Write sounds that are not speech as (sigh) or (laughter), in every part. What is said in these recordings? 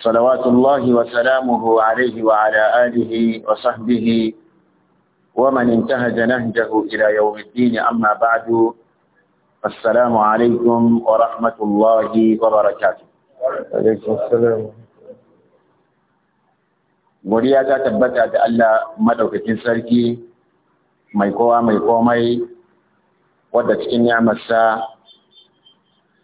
صلوات الله وسلامه عليه وعلى آله وصحبه ومن انتهج نهجه إلى يوم الدين أما بعد السلام عليكم ورحمة الله وبركاته عليكم السلام godiya ta tabbata da Allah ما يقوى ما يقوى ما يقوى ودت إني ni'amarsa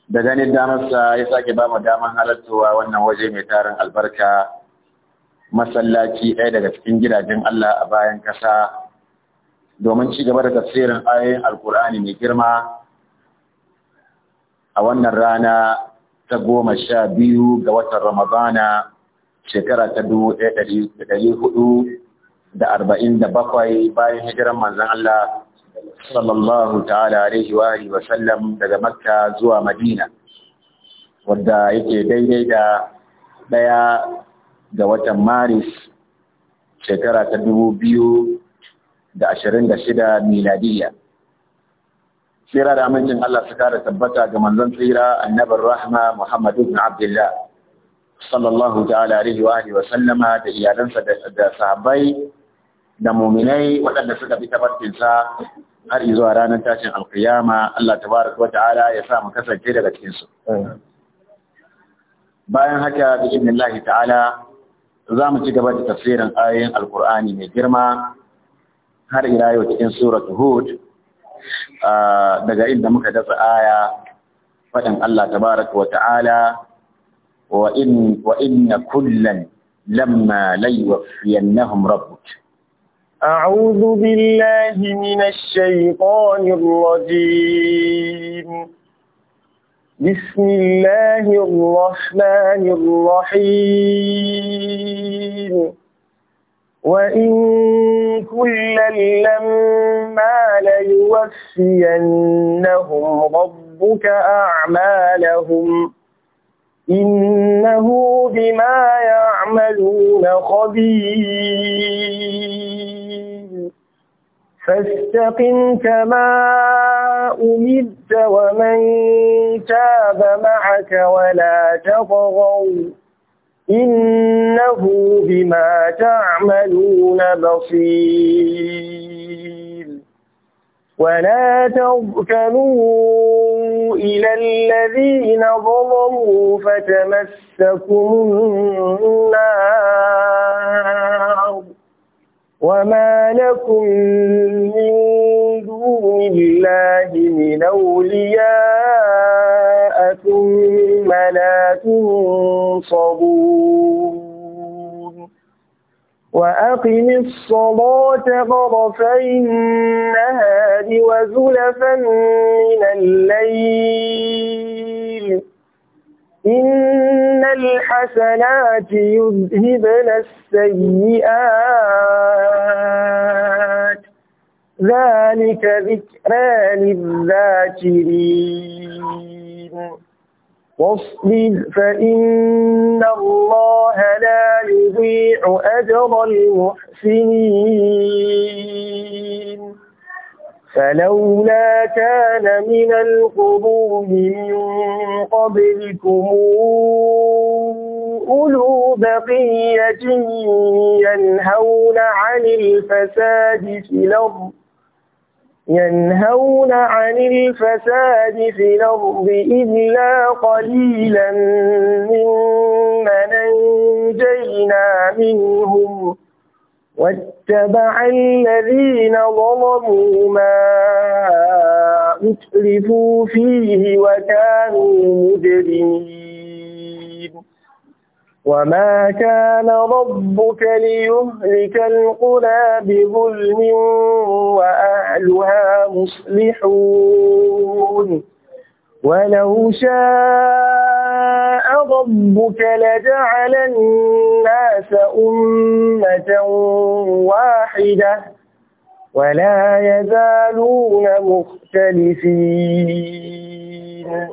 da ganin damarsa ya sake ba mu damar halartowa wannan waje mai tarin albarka masallaci ɗaya daga cikin gidajen Allah a bayan ƙasa domin ci gaba da tafsirin ayoyin alkur'ani mai girma a wannan rana ta goma sha biyu ga watan ramadana shekara ta dubu ɗaya ɗari hudu da arba'in da bakwai bayan hijiran manzan Allah sallallahu ta'ala alaihi wa alihi wa sallam daga Makka zuwa Madina wanda yake daidai da daya ga watan Maris shekara ta 2026 miladiya Tsira da amincin Allah su da tabbata ga manzon tsira annabar rahma Muhammadu ibn Abdullah sallallahu ta'ala alaihi wa alihi wa sallama da iyalansa da sahabbai da muminai waɗanda suka bi tabbacin sa har zuwa ranar tashin alkiyama Allah tabaraka ya sa mu kasance daga cikin su bayan haka bi ta'ala za mu ci gaba da tafsirin ayoyin alkur'ani mai girma har ila yau cikin suratu hud daga inda muka dasa aya faɗin Allah tabaraka wa ta'ala wa in wa inna kullan lamma la أعوذ بالله من الشيطان الرجيم بسم الله الرحمن الرحيم وإن كلا لما ليوفينهم ربك أعمالهم إنه بما يعملون خبير فاستقم كما أمرت ومن تاب معك ولا تطغوا إنه بما تعملون بصير ولا تركنوا إلى الذين ظلموا فتمسكم النار وما لكم من دون الله من أولياء ثم لا تنصرون وأقم الصلاة غرفي النهار وزلفا من الليل إن الحسنات يذهبن السيئات ذلك ذكرى للذاكرين واصبر فإن الله لا يضيع أجر المحسنين فلولا كان من القبور من قبلكم أولو بقية ينهون عن الفساد في الأرض ينهون عن الفساد في الأرض إلا قليلا ممن أنجينا منهم واتبع الذين ظلموا ما اتلفوا فيه وكانوا مجرمين وما كان ربك ليهلك القرى بظلم وأهلها مصلحون ولو شاء ربك لجعل الناس أمة واحدة ولا يزالون مختلفين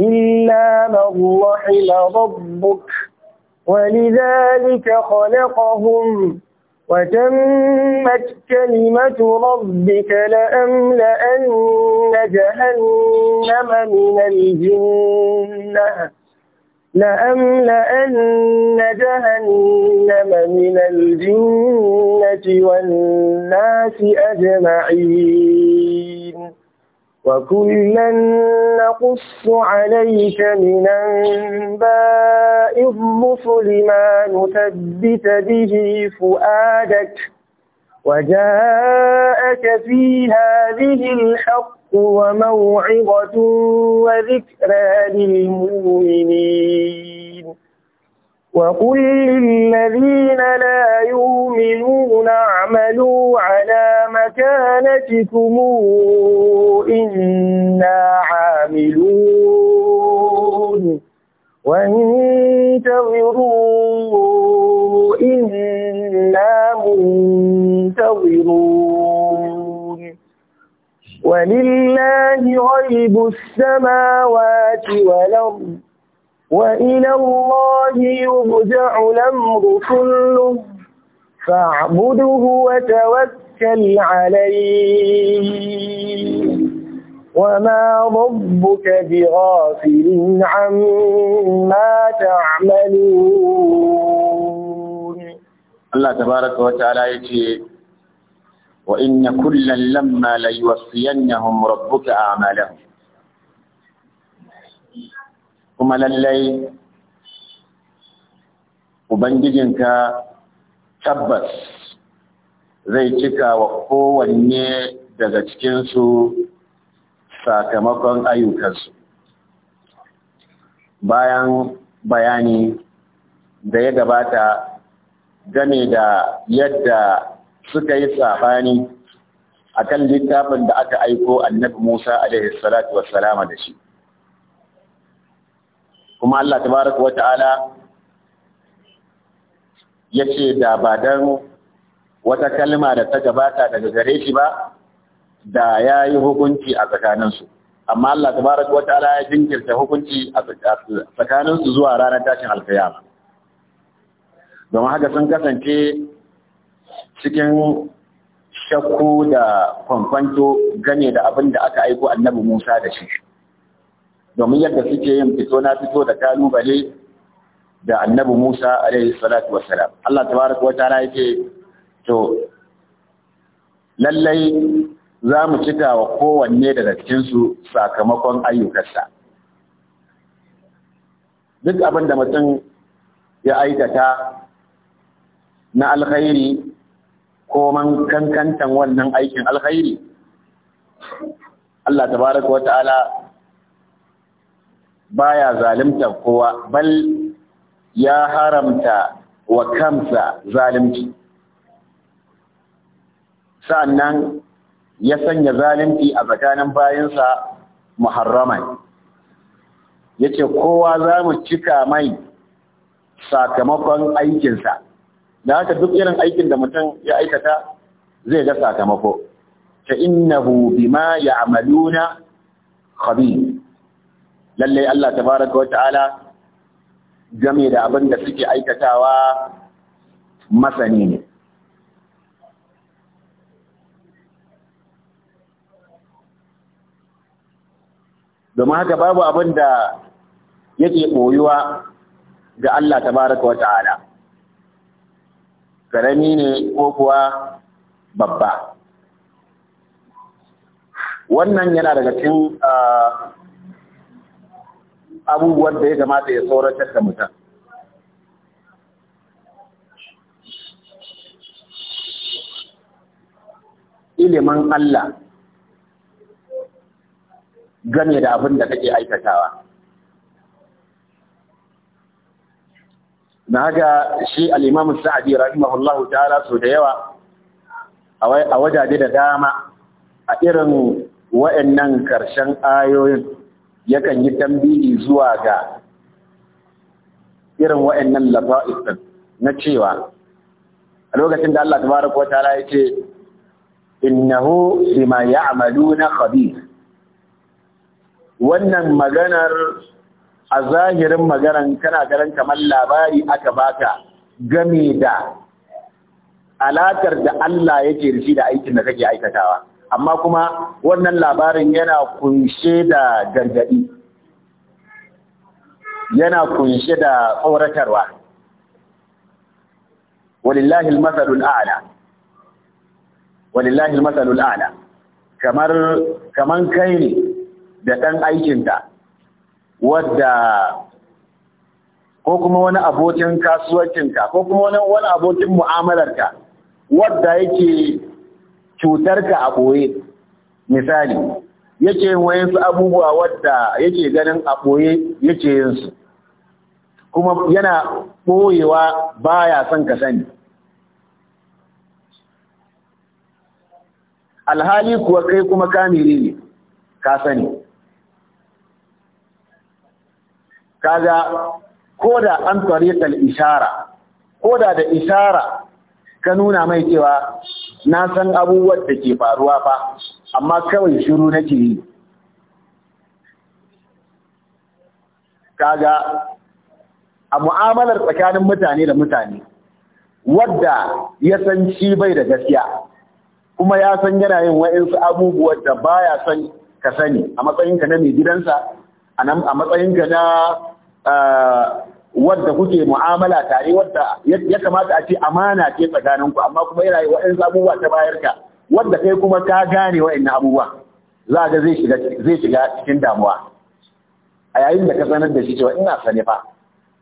إلا من رحم ربك ولذلك خلقهم وتمت كلمة ربك لأملأن جهنم من الجنة لأملأن جهنم من الجنة والناس أجمعين وكلا نقص عليك من أنباء الرسل ما نثبت به فؤادك وجاءك في هذه الحق وموعظة وذكرى للمؤمنين وقل للذين لا يؤمنون اعملوا على مكانتكم إنا عاملون وانتظروا إنا منتظرون ولله غيب السماوات والأرض وإلى الله يرجع الأمر كله فاعبده وتوكل عليه وما ربك بغافل عما تعملون الله تبارك وتعالى يتي وإن كلا لما ليوفينهم ربك أعمالهم kuma lallai ubangijinka tabbas zai cika wa kowanne daga cikinsu sakamakon ayyukansu bayan bayani da ya gabata game da yadda suka yi sabani a kan littafin da aka aiko annabi musa a.s.w. salatu da shi kuma Allah tabaraka wa ta'ala yace da ba dan wata kalma da ta gabata daga gare shi ba da yayi hukunci a tsakaninsu amma Allah tabaraka wa ta'ala ya jinkirta hukunci a tsakaninsu zuwa ranar tashin alkiyama don haka sun kasance cikin shakku da kwamfanto game da abin da aka aiko annabi Musa da shi domin yadda suke yin fito na fito da kalubale da annabi Musa alaihi salatu wassalam Allah tabaraka wataala yake to lallai za mu cika wa kowanne daga su sakamakon ayyukansa duk abin da mutum ya aikata na alkhairi ko man kankantan wannan aikin alkhairi Allah tabaraka wataala baya zalimtar kowa bal ya haramta wa kansa zalimci sa'annan ya sanya zalimci a tsakanin bayansa muharraman yace kowa za mu cika mai sakamakon aikinsa da haka duk irin aikin da mutum ya aikata zai ga sakamako ta innahu bima ya'maluna khabir lallai Allah tabaraka wa ta'ala game da abin da suke aikatawa masani ne domin haka babu abin da yake ɓoyuwa ga Allah tabaraka wa ta'ala karami ne ko kuwa babba wannan yana daga cikin ah, abubuwan da ya kamata ya tsoratar da mutum ilimin Allah game da abin da kake aikatawa. Na haka shi al'imamu sa'adi rahimahullahu ta'ala so da yawa a wajaje da dama a irin waɗannan ƙarshen ayoyin yakan yi tambihi zuwa ga irin wa'annan lafa'is na cewa a lokacin da Allah tabaraka wa ta'ala yace innahu bima na khabir wannan maganar a zahirin maganar kana garan kamar labari aka baka game da alakar da Allah yake da da aikin da kake aikatawa amma kuma wannan labarin yana kunshe da gargaɗi yana kunshe da tsoratarwa walillahi almasalul a'la walillahi almasalul a'la kamar kaman kai ne da dan aikinka wadda ko kuma wani abokin kasuwancinka ko kuma wani abokin mu'amalarka wadda yake cutarka a ɓoye misali yake yin wayansu abubuwa wadda yake ganin a ɓoye yake yin su kuma yana ɓoyewa baya son ka sani alhali kuwa kai kuma kamiri ne ka sani kaga da an tariqal ishara koda da ishara ka nuna mai cewa na san abubuwan da ke faruwa fa amma kawai shiru nake yi kaga a mu'amalar tsakanin mutane da mutane wadda ya san shi bai da gaskiya kuma ya san yana yin wa'insu abubuwan da baya san ka sani a matsayinka na mai gidansa a matsayinka na eh, wadda kuke mu'amala tare wadda ya kamata a ce amana ce tsakaninku amma kuma yana yi waɗansu abubuwa ta bayar ka wadda kai kuma ka gane ina abubuwa za ga zai shiga cikin damuwa a yayin da ka sanar da shi cewa ina sane fa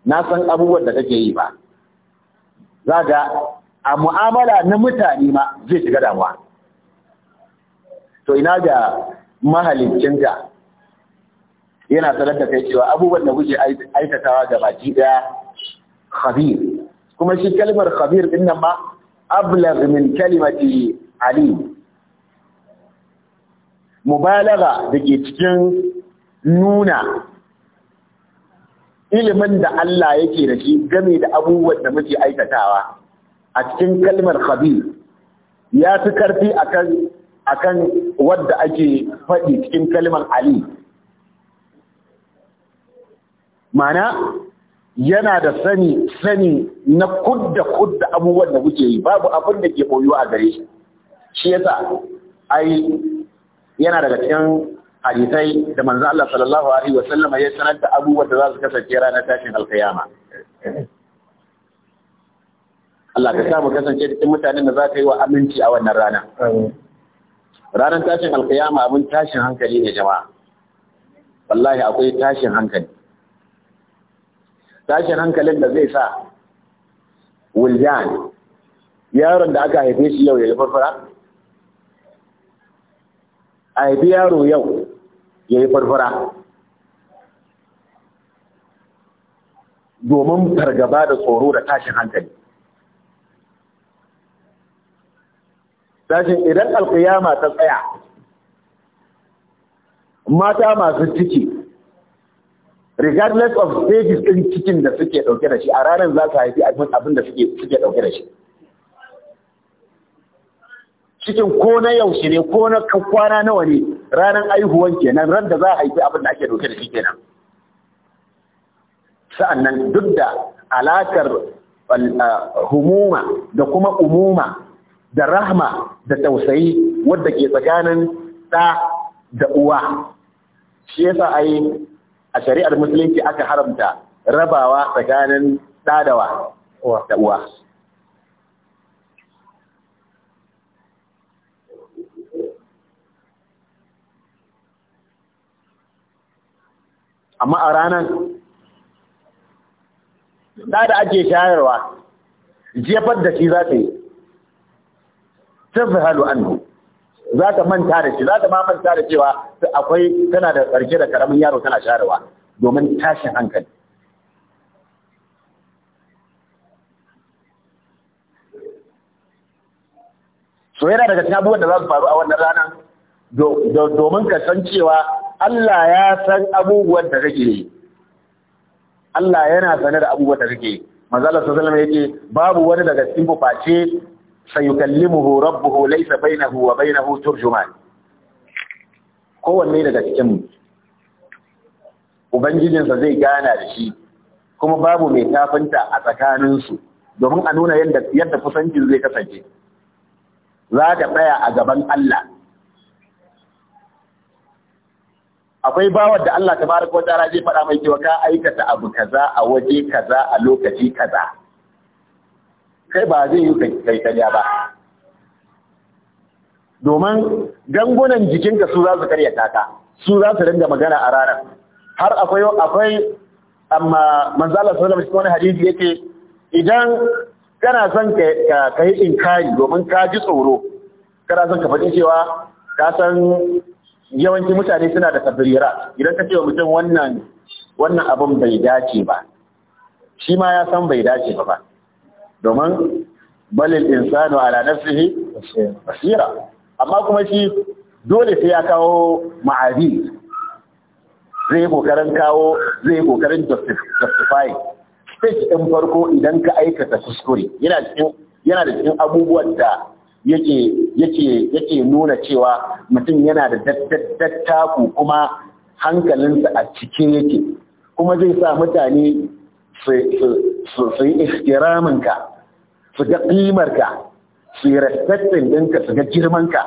na san abubuwan da kake yi ba za ga a mu'amala na mutane ma zai shiga damuwa to ina ga mahalicinka yana sanar da kai cewa abubuwan da kuke aikatawa ga baki daya khabir kuma shi kalmar khabir din nan ma ablagh min kalimati ali mubalaga da ke cikin nuna ilimin da Allah yake da shi game da abubuwan da muke aikatawa a cikin kalmar khabir ya fi karfi akan akan wadda ake faɗi cikin kalmar Ali. mana yana da sani sani na kudda kudda abubuwan da muke yi babu abin da ke koyo a gare shi shi yasa ai yana daga cikin hadisai da manzo Allah sallallahu alaihi wasallam ya sanar da abubuwan da za su kasance ranar tashin alkiyama Allah ka samu kasance cikin mutanen da za ka yi wa aminci a wannan rana ranar tashin alkiyama abin tashin hankali ne jama'a wallahi akwai tashin hankali tashin hankalin da zai sa wuljan yaron da aka haife shi yau ya yi farfara a haifi yaro yau ya yi farfara domin fargaba da tsoro da tashin hankali tashin idan alkiyama ta tsaya mata masu ciki regardless of stages ɗin cikin da suke ɗauke da shi a ranar za su haifi abin da suke ɗauke da shi cikin ko na yaushe ne ko na kwana nawa ne ranar aihuwan kenan ran da za a haifi abin da ake ɗauke da shi kenan sa'annan duk da alakar humuma da kuma umuma da rahma da tausayi wadda ke tsakanin ɗa da uwa shi yasa ai a shari'ar musulunci aka haramta rabawa tsakanin ɗadawa da uwa. Amma a ranar, ɗa da ake shayarwa, jefar da shi za ta yi, ta fi halu annu. za ta manta da shi za ta ma manta da cewa akwai tana da ƙarshe da karamin yaro tana sharewa domin tashin hankali so yana daga cikin abubuwan da za su faru a wannan ranar domin ka san cewa Allah ya san abubuwan da kake yi Allah yana sane da abubuwan da kake yi manzala sallallahu alaihi wasallam yake babu wani daga cikin buface sayukallimuhu ربه ليس بينه وبينه ترجمان turjuman kowanne daga cikin mu ubangijinsa zai gana da shi kuma babu mai tafinta a tsakaninsu domin a nuna yadda kusancin zai kasance za ka tsaya a gaban Allah akwai bawar da Allah tabaraka wa ta'ala zai faɗa mai cewa ka aikata abu kaza a waje kaza a lokaci kaza kai ba zai yi kai karya ba domin gangunan jikinka su za su karya taka su za su ringa magana a ranar har akwai akwai amma manzala sallallahu shi wasallam hadisi yake idan kana son ka yi inkari domin ka ji tsoro kana son ka faɗi cewa ka san yawancin mutane suna da tabirira idan ka ce wa mutum wannan wannan abin bai dace ba shi ma ya san bai dace ba ba domin balil insanu ala nafsihi basira amma kuma shi dole sai ya kawo ma'adi zai kokarin kawo zai kokarin justify stage din farko idan ka aikata kuskure yana cikin yana da cikin abubuwan da yake yake yake nuna cewa mutum yana da dattaku kuma hankalinsa a cike yake kuma zai sa mutane su yi ka su ga ka, su yi respectin ɗinka su ga girmanka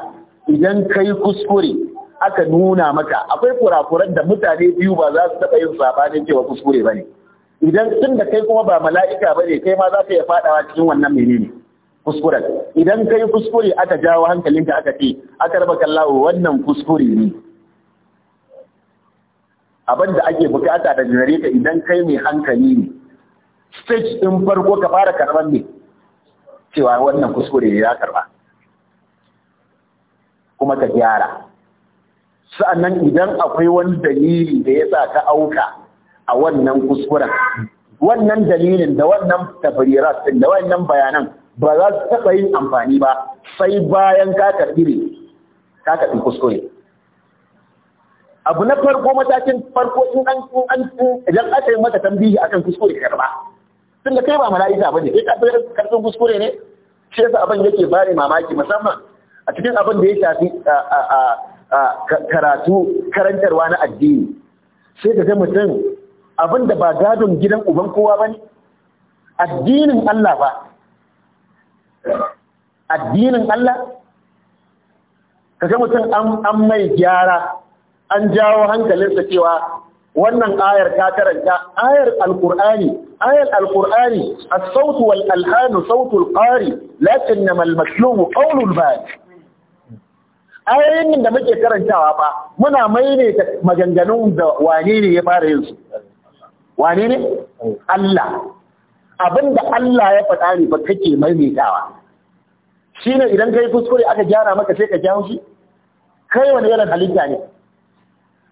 idan ka yi kuskure aka nuna maka akwai kurakuran da mutane biyu ba za su taɓa yin sabanin cewa kuskure ba ne idan tun da kai kuma ba mala'ika ba ne kai ma za ka iya faɗawa cikin wannan menene kuskuren idan ka yi kuskure aka jawo hankalinka aka ce aka raba kallawo wannan kuskure ne abin da ake bukata da janareta idan kai mai hankali ne stage ɗin farko ka fara karɓar ne cewa wannan kuskure ne ya karba kuma ka gyara sa'annan idan akwai wani dalili da ya sa ka auka a wannan kuskuren wannan dalilin da wannan tafarirat din da wannan bayanan ba za su taɓa yin amfani ba sai bayan ka karɓi ka karɓi kuskure abu na farko matakin farko in an idan aka yi mata tambihi akan kuskure karɓa tunda kai ba mala'ika bane kai ka karfin kuskure ne shi yasa abin yake bare mamaki musamman a cikin abin da ya shafi karatu karantarwa na addini sai ka ga mutum abin da ba gadon gidan uban kowa ba ne addinin Allah ba addinin Allah ka ga mutum an mai gyara an jawo hankalinsa cewa wannan ayar ta karanta ayar alqur'ani ayar alqur'ani as-sautu wal alhanu sautu al-qari lakinnama al-maslumu qawlu al da muke karantawa ba muna maimaita maganganun da wane ne ya fara yin su wane ne Allah abinda Allah ya faɗa ne ba kake maimaitawa shine idan kai kuskure aka gyara maka sai ka jawo shi kai wani irin halitta ne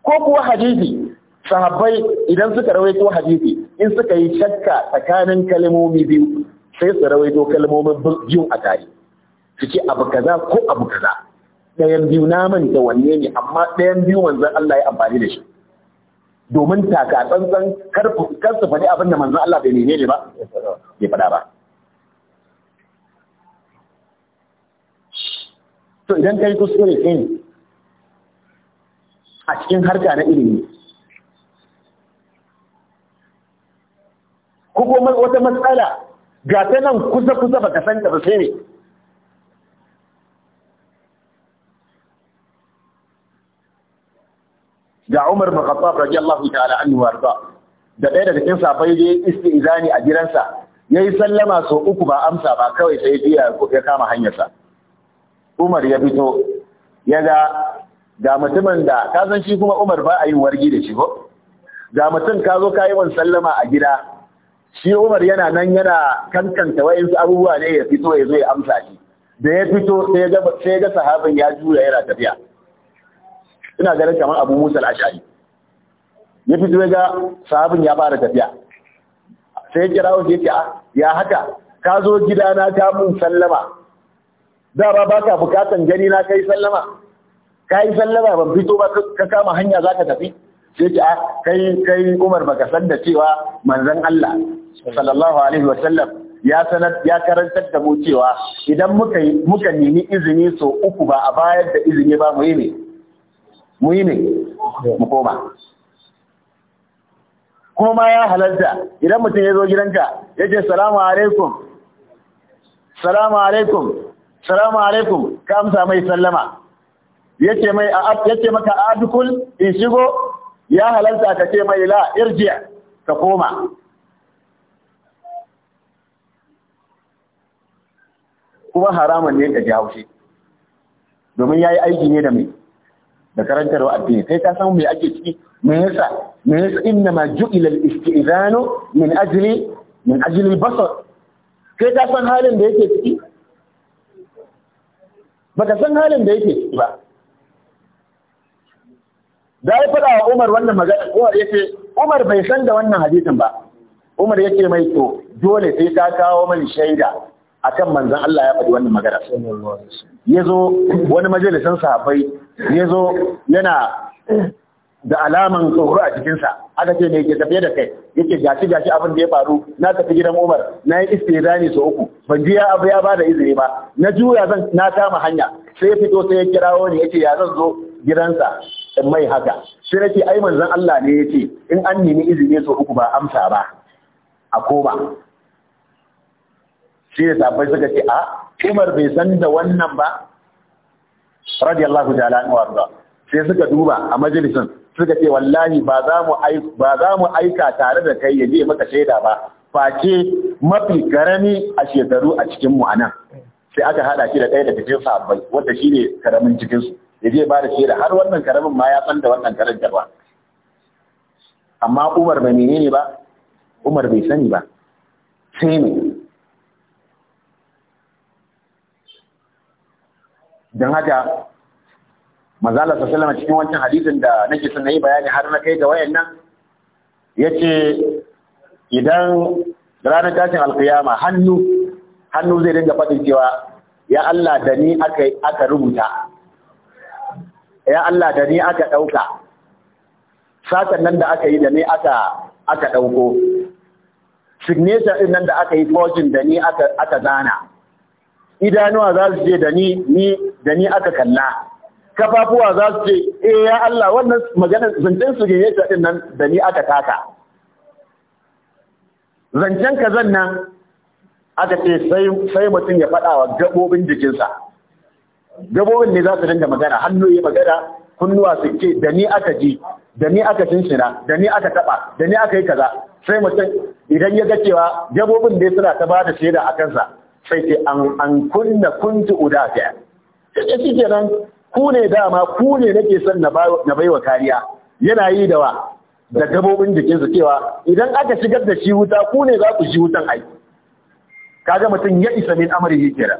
ko kuwa hadisi sahabbai idan suka rawaito hadisi in suka yi shakka tsakanin kalmomi biyu sai su rawaito kalmomin biyu a tare su ce abu kaza ko abu kaza ɗayan biyu na manta wanne ne amma ɗayan biyu manzon Allah ya amfani da shi domin taka tsantsan kar su faɗi abin da manzon Allah bai nene ne ba bai faɗa ba to idan kai kuskure ɗin eh, a cikin harka na ilimi ko kuma wata matsala ga ta nan kusa-kusa ka san ta sai ne ga Umar bin Khattab allahu ta'ala anhu ba, da ɗaya daga cikin safai da izani a gidansa yi sallama so uku ba amsa ba kawai sai ya ya kama hanyarsa Umar ya fito ya ga ga mutumin da ka san shi kuma Umar ba a yin wargi da shi ko ga mutum ka zo ka yi sallama a gida shi Umar yana nan yana kankanta wa'insu abubuwa ne ya fito ya zo ya amsa shi da ya fito sai ga sahabin ya jura yana tafiya ina ganin kamar Abu Musa al-Ash'ari ya fito ya ga sahabin ya fara tafiya sai ya kira shi yace ah, ya haka ka zo na ka mun sallama dama ba ka bukatan gani na kai sallama ka yi sallama ban fito ba ka kama hanya za ka tafi sai ki ah, kai kai Umar baka san da cewa manzon Allah sallallahu alaihi wa sallam ya sanar ya karantar da mu cewa idan muka muka nemi izini so uku ba a bayar da izini ba mu yi ne mu ne mu koma kuma ma ya halarta idan mutum ya zo gidanka ya ce salamu alaikum salamu alaikum salamu alaikum ka amsa mai sallama ya ce maka adukul in shigo ya halarta ka ce mai la irjiya ka koma kuma haramun ne ka ji haushi domin ya yi aiki ne da mai da karantarwa addini kai ka san me ake ciki mai yasa mai yasa inna ma ju'ila al-istizanu min ajli min ajli basar kai ka san halin da yake ciki baka san halin da yake ciki ba da ya faɗa wa Umar wannan magana Umar ce Umar bai san da wannan hadisin ba Umar yace mai to dole sai ta kawo mani shaida akan manzon Allah ya faɗi wannan magana yazo wani majalisin sahabbai yazo yana da alaman tsoro a cikin sa aka ce me ke tafiye da kai yake gashi gashi abin da ya faru na tafi gidan Umar na yi istizani so uku ban ji ya abu ya bada izini ba na juya zan na kama hanya sai ya fito sai ya kirawo ni yace ya zan zo gidansa in mai haka sai nake ai manzon Allah ne yace in an nemi izini so uku ba amsa ba a koma shi ya sabai suka ce a Umar bai san da wannan ba radiyallahu ta'ala anhu warda sai suka duba a majalisin suka ce wallahi ba za mu aika tare da kai yaje maka shaida ba face mafi karami a shekaru a cikin mu anan sai aka hada shi da ɗaya daga cikin sahabbai wanda shine karamin cikin su ya je ba da shaida har wannan karamin ma ya san da wannan karin jarwa amma Umar ba menene ba Umar bai sani ba sai ne don haka mazalar sassalama cikin wancan hadisin da nake son na yi bayani har na kai ga wayannan ya ce idan ranar tashin alkiyama hannu hannu zai dinga faɗin cewa ya Allah da ni aka rubuta ya Allah da ni aka ɗauka satan nan da aka yi da ni aka aka ɗauko signature ɗin nan da aka yi forging da ni aka aka zana idanuwa za su ce da ni ni da ni aka kalla kafafuwa za su ce eh ya Allah wannan maganar zancen signature ɗin nan da ni aka taka zancen zan nan aka ce sai mutum ya faɗa wa gaɓoɓin jikinsa gabobin ne za su dinga magana hannu ya magana kunnuwa su ce da ni aka ji da ni aka shinshina da ni aka taba da ni aka yi kaza sai mutum idan ya ga cewa gabobin ne suna ta bada shaida a kansa sai ce an kunna kunna uda udafiya sai shi kenan ku ne dama ku ne nake son na baiwa kariya yana yi da wa da gabobin jikinsa cewa idan aka shigar da shi wuta ku ne za ku shi wutan aiki kaga mutum ya isa min amrihi kenan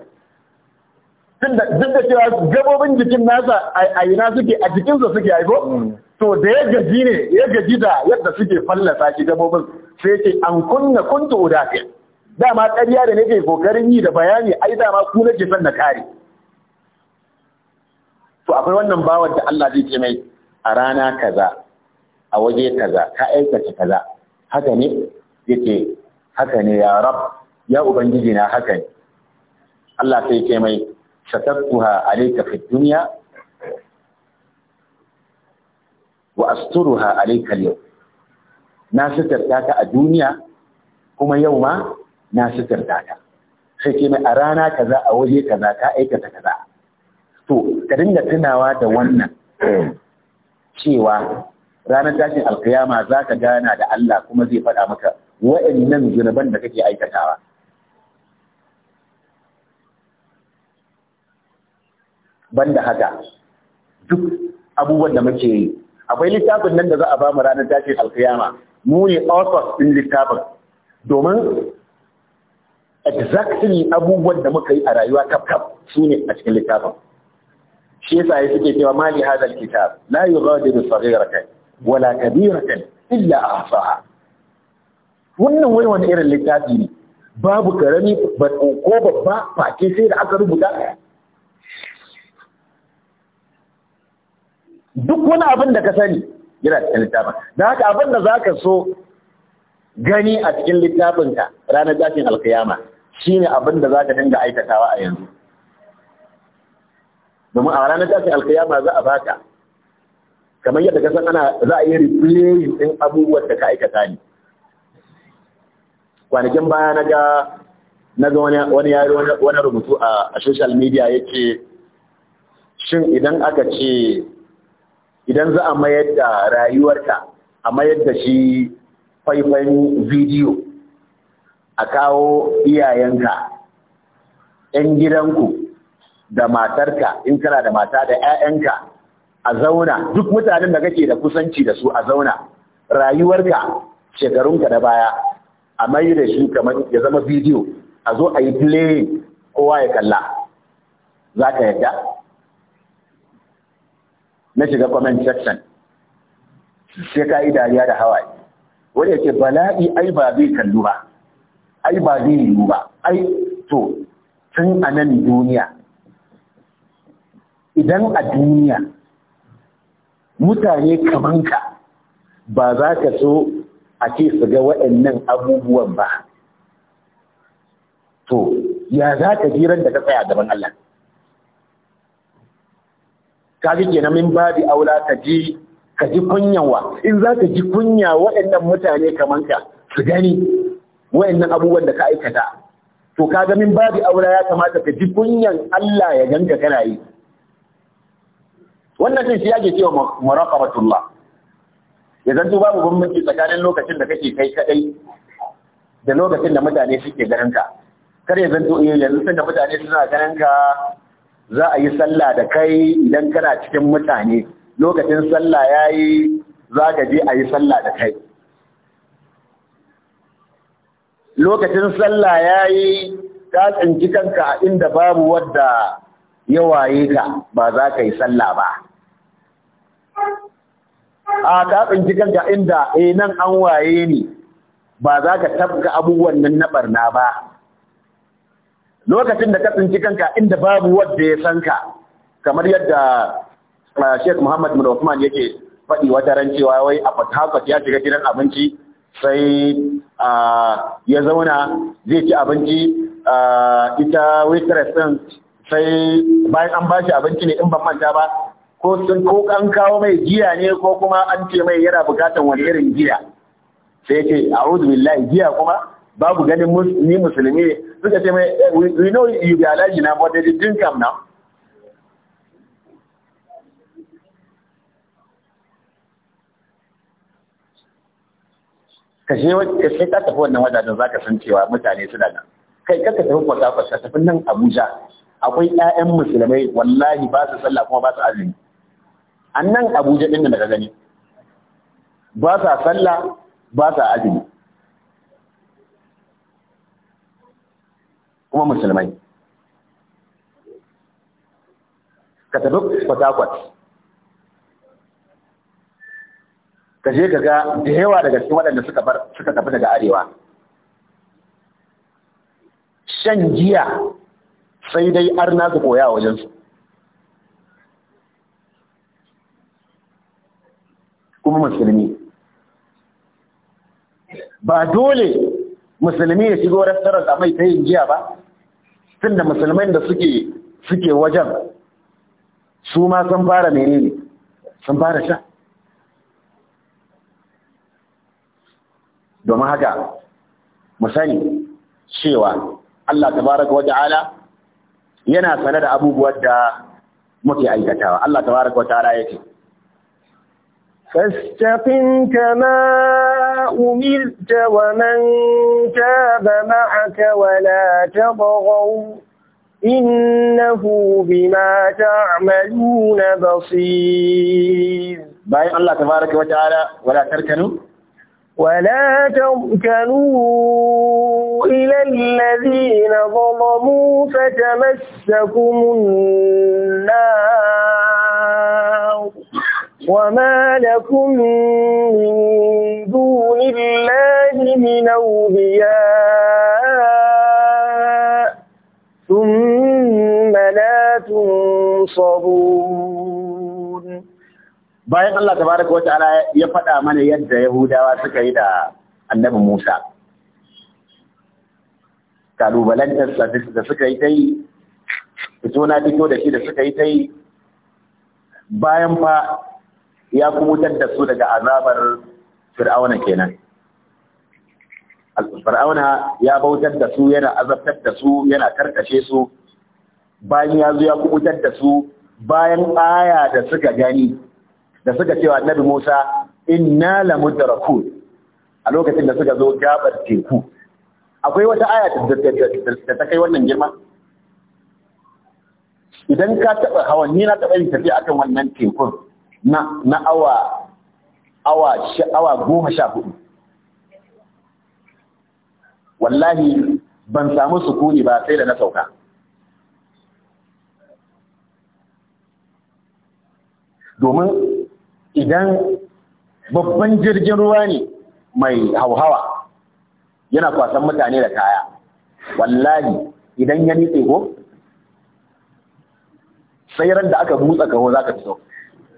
duk da cewa gabobin jikin nasa a ina suke a jikinsa suke aiko mm. to da ya gaji ne ya gaji da yadda suke fallasa shi gabobin sai ce an kunna kuntu udafi dama ƙarya da nake kokarin yi da bayani ai dama ku nake son na kare to akwai wannan bawan da Allah zai ce mai a rana kaza a waje kaza ka aikata kaza haka ne yake haka ne ya rab ya ubangiji na haka ne Allah sai ce mai satartuha alayka fi dunya wa asturuha alayka al na suturta ta a duniya kuma yau ma na suturta ta sai ke mai a rana kaza a waje kaza ka aikata kaza to ka dinga tunawa da wannan cewa ranar tashin alkiyama za ka gana da Allah kuma zai faɗa maka wa'annan zunuban da kake aikatawa banda haka duk abubuwan da muke yi akwai littafin nan da za a ba mu ranar tashin alkiyama mu ne authors din littafin domin exactly abubuwan da muka yi a rayuwa kaf kaf su ne a cikin littafin shi yasa ya suke cewa mali hadha alkitab la yughadiru saghiratan wala kabiratan illa ahsaha wannan wai wani irin littafi ne babu karami ko babba face sai da aka rubuta duk wani abin da ka sani yana cikin littafin da haka abin da za ka so gani a cikin littafinka ranar tashin alkiyama shine abin da za ka dinga aikatawa a yanzu domin a ranar tashin alkiyama za a baka kamar yadda ka san ana za a yi replayin din abubuwan da ka aikata ne kwanakin baya na ga na ga wani yaro wani rubutu a social media ya ce shin idan aka ce idan za a mayar da rayuwarka a mayar da shi faifan bidiyo a kawo iyayenka 'yan gidanku da matarka in kana da mata da 'ya'yanka a zauna duk mutanen da kake da kusanci da su a zauna rayuwarka shekarunka da baya a mayar da shi kamar ya zama bidiyo a zo a yi playing kowa ya kalla za ka yadda na shiga comment section sai ka yi dariya da hawaye wani ya bala'i ai ba zai kallu ba ai ba zai yiwu ba ai to tun a nan duniya idan a duniya mutane ka ba za ka so a ce su ga waɗannan abubuwan ba to ya za ka jiran da ka tsaya gaban Allah ka ji kenan min babi aula ka ji ka ji kunyawa in za ka ji kunya waɗannan mutane kaman ka su gani waɗannan abubuwan da ka aikata to ka ga min babi aula ya kamata ka ji kunyan Allah ya ganka kana yi wannan din shi yake cewa muraqabatullah ya zanto babu bambanci tsakanin lokacin da kake kai kadai da lokacin da mutane suke ganin ka kar ya zanto eh yanzu sanda mutane suna ganin ka za a yi sallah da kai idan kana cikin mutane lokacin sallah ya yi za ka je a yi sallah da kai lokacin sallah ya yi ka tsinci kanka a inda babu wadda ya waye ka ba za ka yi sallah ba a ka tsinci kanka inda eh nan an waye ni ba za ka tabga abubuwan nan na barna ba lokacin da ka tsinci kanka inda babu wanda ya san ka kamar yadda uh, Sheikh Muhammad bin Uthman yake faɗi wata ran cewa wai a Port ya shiga gidan abinci sai uh, ya zauna zai ci abinci uh, ita waitress din sai bayan an bashi abinci ne in ban manta ba ko sun ko an kawo mai giya ne ko kuma an ce mai yana bukatan wani irin giya sai ya ce a'udhu billahi giya kuma babu ganin ni musulmi suka ce mai eh, we know you be alaji na but they didn't come now ka je ka sai ka tafi wannan wajajen zaka san cewa mutane suna nan kai ka tafi Port ta fasa tafi nan Abuja akwai ƴaƴan musulmai wallahi ba su sallah kuma ba su azumi annan Abuja din da ka gani ba sa sallah ba sa azumi kuma musulmai ka tafi fatakwat ka je ka ga da yawa daga cikin waɗanda suka tafi daga arewa shan giya sai dai arna su koya wajensu kuma musulmi ba dole musulmi ya shigo restaurant a mai ta yin jiya ba tun da musulmai da suke suke wajen su ma sun fara menene sun fara sha domin haka mu sani cewa Allah tabaraka wata'ala yana sane da abubuwan da muke aikatawa Allah tabaraka wata'ala yake فاستقم كما أمرت ومن تاب معك ولا تبغوا إنه بما تعملون بصير باي الله تبارك وتعالى ولا تركنوا ولا تركنوا إلى الذين ظلموا فتمسكم النار وما لكم من دون الله من أولياء ثم لا تنصرون bayan Allah tabaraka wata'ala ya faɗa mana yadda Yahudawa suka yi da Annabi Musa kalubalantar da suka yi ta yi fito na fito da shi da suka yi ta yi bayan fa ya kubutar da su daga azabar fir'auna kenan fir'auna ya bautar da su yana azabtar da su yana karkashe su bayan ya zo ya kubutar da su bayan aya da suka gani da suka cewa annabi Musa inna lamudrakun a lokacin da suka zo gabar teku akwai wata aya da ta kai wannan girma idan ka taba hawan ni na taba yin tafiya akan wannan tekun na na awa awa awa goma sha hudu wallahi ban samu sukuni ba sai da na sauka domin idan babban jirgin ruwa ne mai hauhawa yana kwasan mutane da kaya wallahi idan ya nitse ko sai da aka mutsa kaho za ka fito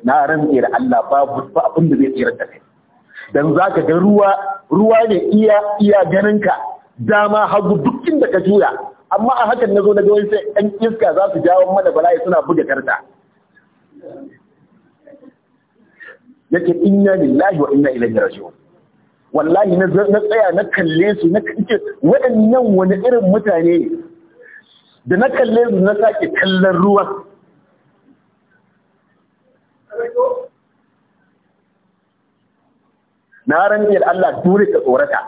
na rantse da Allah babu ba abin da zai tsirar da kai dan zaka ga ruwa ruwa ne iya iya ganinka dama hagu dukkin da ka juya amma a hakan nazo na ga wani sai ɗan iska za su jawo mana bala'i suna buga karta yake inna lillahi wa inna ilaihi raji'un wallahi na tsaya na kalle su na kike waɗannan wani irin mutane da na kalle su na sake kallon ruwa na rantse da Allah dole ka tsorata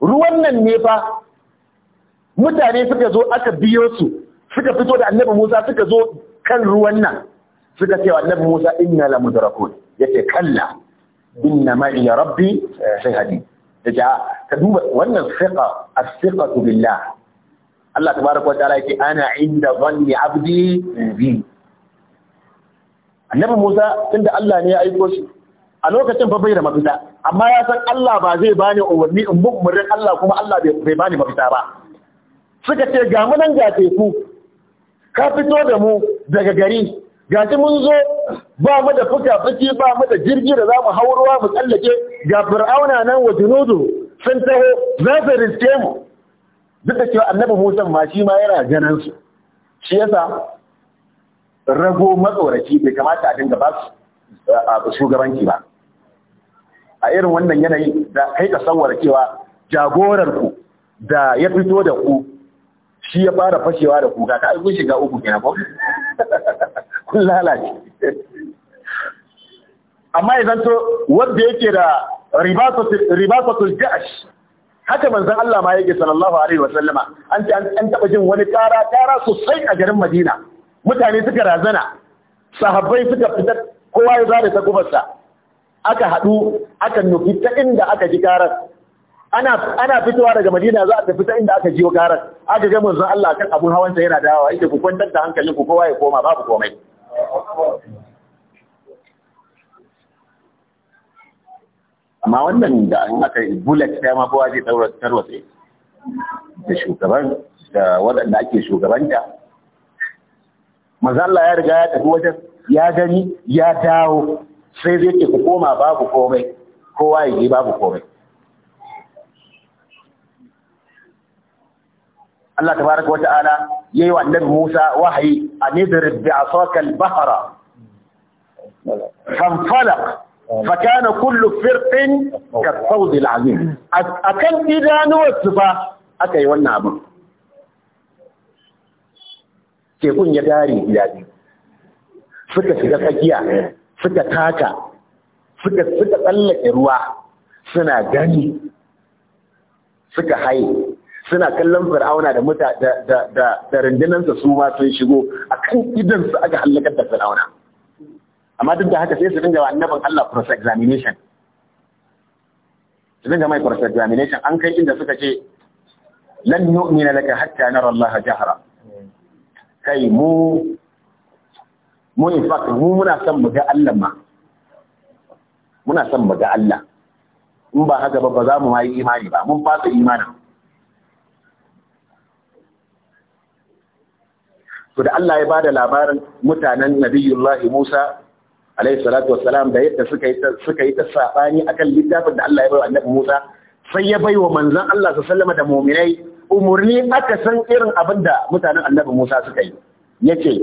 ruwan nan ne fa mutane suka zo aka biyo su suka fito da annabi Musa suka zo kan ruwan nan suka cewa wa annabi Musa inna la mudrakun yace kalla inna ma'i rabbi sayhadi yace ah, ka duba wannan siqa as-siqatu billah Allah tabaaraka wa ta'ala yake ana inda dhanni abdi bi annabi Musa tunda Allah ne ya aiko shi a lokacin fa bai da mafita amma ya san Allah ba zai bani umarni in bi umarnin Allah kuma Allah bai bani mafita ba suka ce ga mu nan ga teku ka fito da mu daga gari shi mun zo ba mu da fuka-fuki ba mu da jirgi da za mu hau ruwa mu tsallake ga fir'auna nan wa junudu sun taho za su riske mu duk da cewa annabi musan ma shi ma yana ganin su shi yasa rago matsoraci bai kamata a dinga ba su eh, shugabanci ba a irin wannan yanayi da kai ka sawara cewa jagorar ku da ya fito da ku shi ya fara fashewa da kuka ka kun shiga uku kenan ko (laughs) kun lalace amma idan to wanda yake da ribasatul jash haka manzon Allah ma yake sallallahu alaihi wa sallama an an taba jin wani kara kara sosai a garin Madina mutane suka razana sahabbai suka fita kowa ya zare ta gubarsa aka haɗu aka nufi ta inda aka ji karar ana fitowa daga Madina za a tafi ta inda aka jiyo karar aka ga manzon Allah kan abun hawan yana dawowa yake ku kwantar da hankalinku kowa ya koma babu komai amma wannan da an aka bullet ta ma kowa zai tarwatsa da shugaban da waɗanda ake shugabanta mazalla ya riga ya tafi wajen ya gani ya dawo sai zai ce ku koma babu komai kowa ya yi babu komai Allah tabaraka wa ta'ala yayi wa annabi Musa wahayi anidrib bi asaka al-bahra fanfalaq fakana kullu firqin ka sawd al-azim akan idanuwa sufa akai wannan abin tekun ya dare ya biyu suka shiga tsakiya suka taka suka suka tsallake ruwa suna gani suka haye suna kallon fir'auna da muta da da da, da rundunansa su ma sun shigo akan idan su aka halakar da fir'auna amma duk da haka sai su dinga wa annabin Allah cross examination su dinga mai cross examination an kai inda suka ce lan yu'mina laka hatta nara Allah jahra kai mu mu in fact mu muna son mu ga Allah ma muna son mu ga Allah in ba haka ba ba za mu ma yi imani ba mun fasa imani to da Allah ya bada labarin mutanen Nabiyullah Musa alayhi salatu wassalam da yadda suka yi suka yi ta sabani akan littafin da Allah ya bai wa Annabi Musa sai ya bai wa manzon Allah sallallahu alaihi wasallam da mu'minai umarni aka san irin abin da mutanen annabi Musa suka yi yake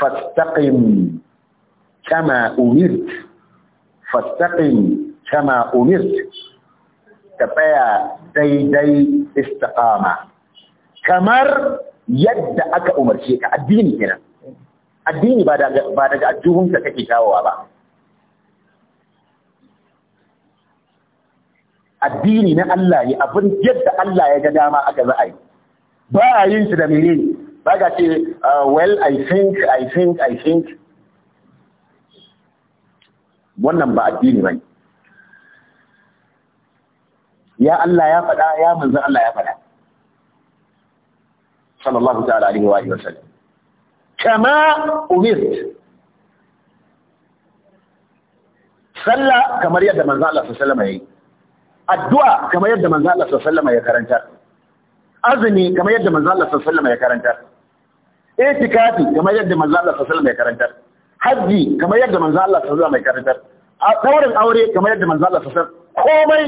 fastaqim kama umirt fastaqim kama umirt ka tsaya daidai istiqama kamar yadda aka umarce ka addini kenan addini ba daga ba daga ajuhunka kake kawowa ba addini na Allah ya abin yadda Allah ya ga dama aka za a yi ba a yin shi da mene ba ga ce ah, well I think I think I think wannan ba addini ba ya Allah ya faɗa ya manzan Allah ya faɗa sallallahu ta'ala alaihi wa alihi wasallam kama umirt sallah kamar yadda manzan Allah sallallahu alaihi wa sallam addu'a kamar yadda manzo Allah sallama ya karanta azumi kamar yadda manzo Allah sallama ya karanta etikati kamar yadda manzo Allah sallama ya karanta hajji kamar yadda manzo Allah sallama ya karanta tsawarin aure kamar yadda manzo Allah sallallahu komai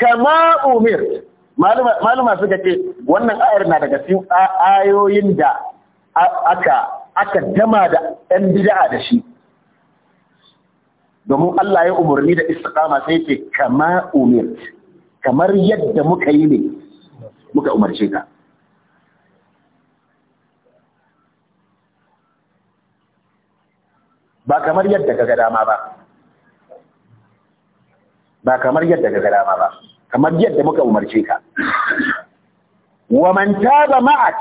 kama umir maluma suka ce wannan ayar na daga cikin ayoyin da aka dama da yan bid'a da shi domin Allah ya umarni da istiqama sai ce kama umirt kamar yadda muka yi ne muka umarce ka ba kamar yadda ka ga dama ba ba kamar yadda ka ga dama ba kamar yadda muka umarce ka wa man taba ma'ak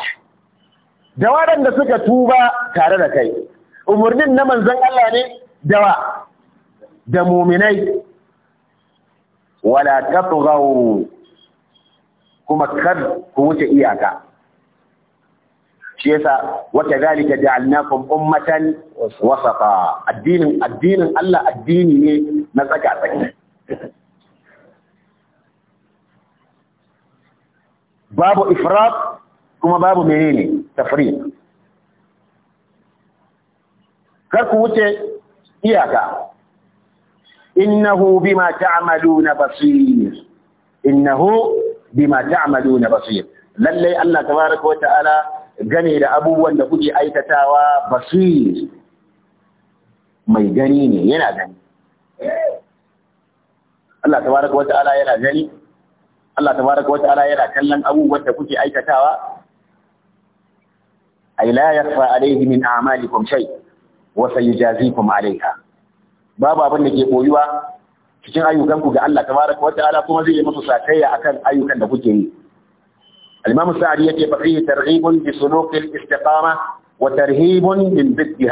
da waɗanda suka tuba tare da kai umarnin na manzon Allah ne dawa da muminai wala tafghaw kuma kar ku wuce iyaka shi yasa wa kadhalika ja'alnakum ummatan wasata addinin addinin Allah addini ne na tsaka tsaki babu ifrat kuma babu menene tafriq kar ku wuce iyaka innahu bima ta'maluna basir innahu bima ta'maluna basir lallai Allah tabaraka wa ta'ala gane da abubuwan da kuke aikatawa basir mai gani ne yana gani Allah tabaraka wa ta'ala yana gani Allah tabaraka wa ta'ala yana kallon abubuwan da kuke aikatawa ay la yakhfa alayhi min a'malikum shay wa sayujazikum alayha babu abin da ke koyuwa cikin ayyukanku ga Allah tabaraka wa ta'ala kuma zai yi musu sakayya akan ayyukan da kuke yi al-imam sa'di yake fa fihi targhibun bi suluq istiqama wa tarhibun bi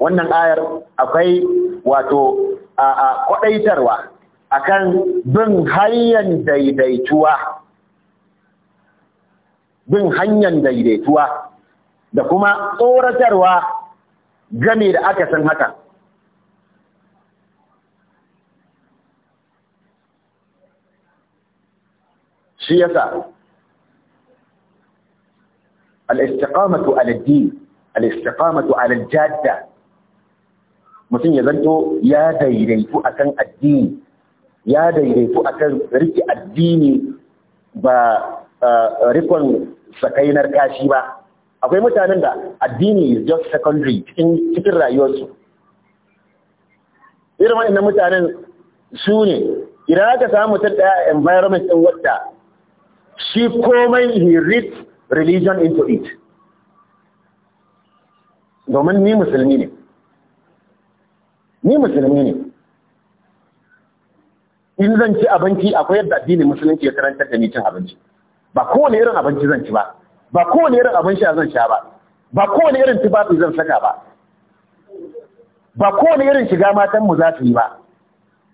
wannan ayar akwai wato a kwadaitarwa akan bin hanyar daidaituwa bin hanyar daidaituwa da kuma tsoratarwa game da aka san haka shi yasa al-istiqamatu ala din al mutum ya zanto ya daidaitu akan addini ya daidaitu akan riki addini ba rikon sakainar kashi ba akwai mutanen da addini is just secondary cikin rayuwarsu irin waɗannan mutanen su ne idan aka samu ta ɗaya environment ɗin wadda shi komai he read religion into it domin ni musulmi ne ni musulmi ne in zan ci abinci akwai yadda addinin musulunci ya karantar da ni cin abinci ba kowane irin abinci zan ci ba ba kowane irin abin sha zan sha ba ba kowane irin tufafi zan saka ba ba kowane irin shiga matanmu za su yi ba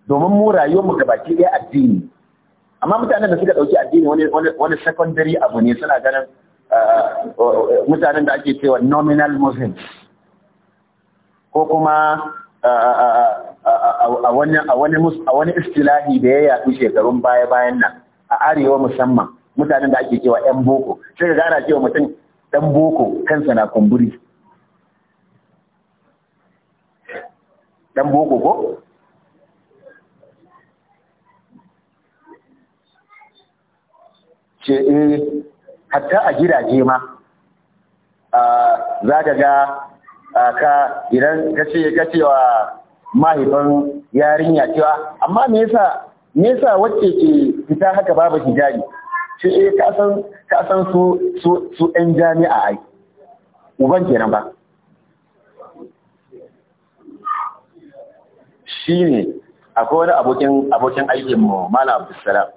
domin mu rayuwarmu mu gabaki ɗaya addini amma mutanen da suka ɗauki addini wani secondary abu ne suna ganin uh, uh, mutanen da ake cewa nominal muslims ko kuma a wani istilahi da ya yaɗu shekarun baya-bayan nan a arewa musamman mutanen da ake cewa 'yan boko sai ka gana cewa mutum ɗan boko kansa na kumburi ɗan boko ko ce eh hatta a gidaje ma za ka ga ka idan ka ce ka ce wa mahaifin yarinya cewa amma me yasa me yasa wacce ke fita haka babu hijabi ce eh ka san ka san su su su ɗan jami'a ai uban kenan ba shine akwai wani abokin abokin aikin mu malam abdulsalam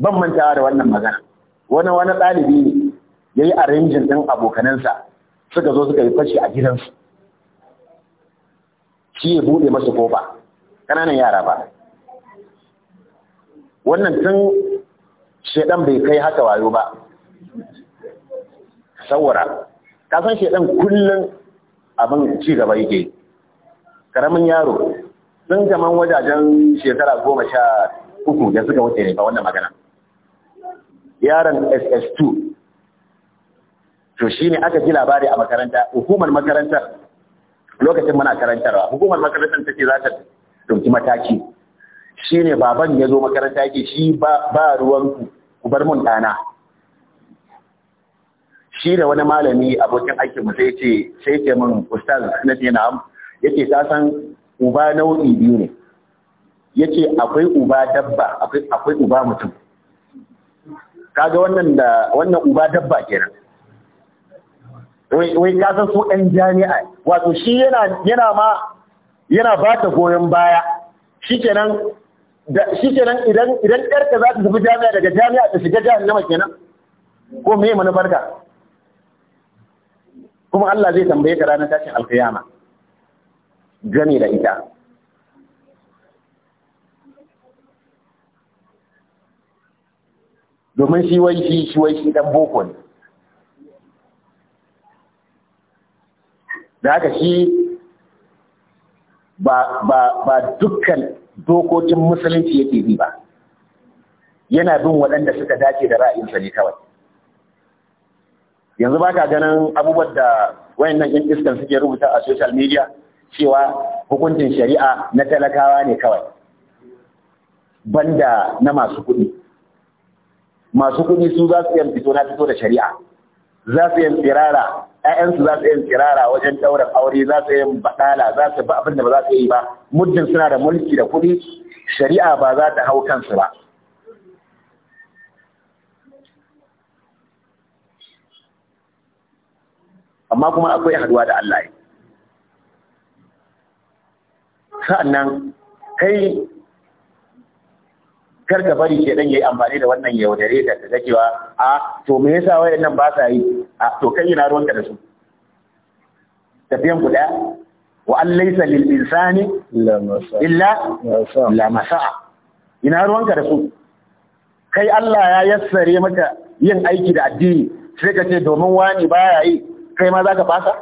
ban mantawa da wannan magana wani wani ɗalibi ne ya yi arrangin ɗin abokanansa suka zo suka yi fashi a gidansu shi ya buɗe masu kofa ƙananan yara ba wannan tun shaidan bai kai haka wayo ba saura san shaidan kullum abin ci gaba yake karamin yaro sun kaman wajajen shekara goma sha uku da suka wuce ne ba wannan magana yaron SS2 to shine aka ji labari a makaranta hukumar makarantar lokacin muna karantarwa hukumar makarantar take za ta dauki mataki shine baban ya zo makaranta yake shi ba ruwan ku bar mun dana shi da wani malami abokin aikin mu sai ce sai ce min ustaz na ce na'am ta san uba nau'i biyu ne yace akwai uba dabba akwai uba mutum kaga wannan da wannan uba dabba kenan wai ka san su ɗan jami'a wato shi yana yana ma yana ba ta goyon baya shikenan da shikenan idan idan ɗarka za ta tafi jami'a daga jami'a ta shiga jahannama kenan ko me mana barka kuma Allah zai tambaye ka ranar tashin alkiyama gani da ita domin shi wai shi shi wai shi dan boko ne da haka shi ba ba ba dukkan dokokin musulunci yake bi ba yana bin waɗanda suka dace da ra'ayin sa ne kawai yanzu ba ka ganin abubuwan da wayannan yan iskan suke rubuta a social media cewa hukuncin shari'a na talakawa ne kawai banda na masu kuɗi masu kuɗi su za su yan fito fito da shari'a za su yan tsirara ƴaƴansu za su yan tsirara wajen ɗaurin aure za su yan baɗala za su ba abin da ba za su yi ba muddin suna da mulki da kuɗi shari'a ba za ta hau kansu ba amma kuma akwai haduwa da Allah sa'annan kai kar ka bari shedan yayi amfani da wannan yaudare da ka cewa a to me yasa wayannan ba sa yi a to kai ina ruwanka da su tafiyan ku da wa an laysa lil insani illa la masa'a ina ruwanka da su kai Allah ya yassare maka yin aiki da addini sai ka ce domin wani baya yi kai ma za ka fasa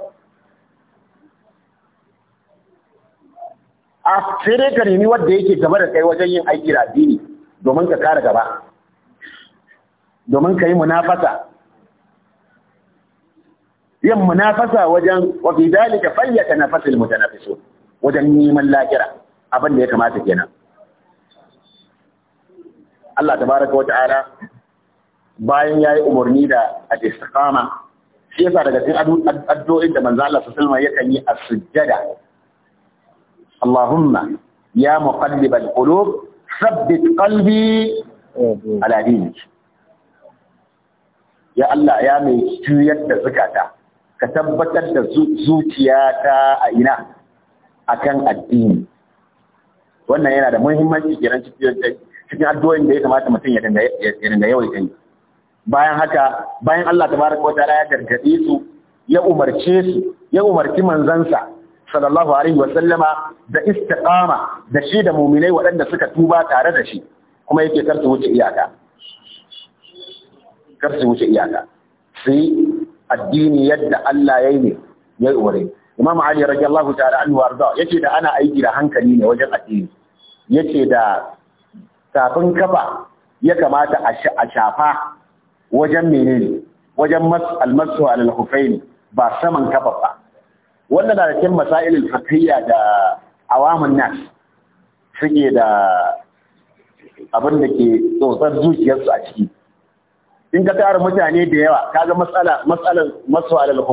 a sai dai ka nemi wanda yake gaba da kai wajen yin aiki da addini domin ka kare gaba domin ka yi munafasa yin munafasa wajen wafi dalika fayyata fasil mutanafiso wajen neman lakira abin da ya kamata kenan Allah Ta baraka wata ta'ala bayan ya yi umarni da a istiqama shi yasa daga cikin addu'o'in da manzo Allah sallallahu alaihi yakan yi as-sujjada Allahumma ya muqallibal qulub sabbit kalbi ala ya Allah ya mai juyar da zukata ka tabbatar da zuciyata a ina akan addini wannan yana da muhimmanci kiran cikin addu'o'in da ya kamata mutum ya dinga yawai kai bayan haka bayan Allah tabaraka wa ta'ala ya gargaɗe su ya umarce su ya umarci manzansa sallallahu alaihi wasallama da istiqama da shi da muminai waɗanda suka tuba tare da shi kuma yake kar su wuce iyaka kar su wuce iyaka sai addini yadda Allah ya yi ne ya yi Imam Ali radiyallahu ta'ala anhu warda yake da ana aiki da hankali ne wajen addini yake da tafin kafa ya kamata a shafa wajen menene wajen al-mastuwa almasu alal hufaini ba saman kafa ba wannan na cikin masailin fiqhiyya da awamun nas suke da abin da ke tsotsar zuciyarsu a ciki in ka tara mutane da yawa kaga matsala matsalan masu alal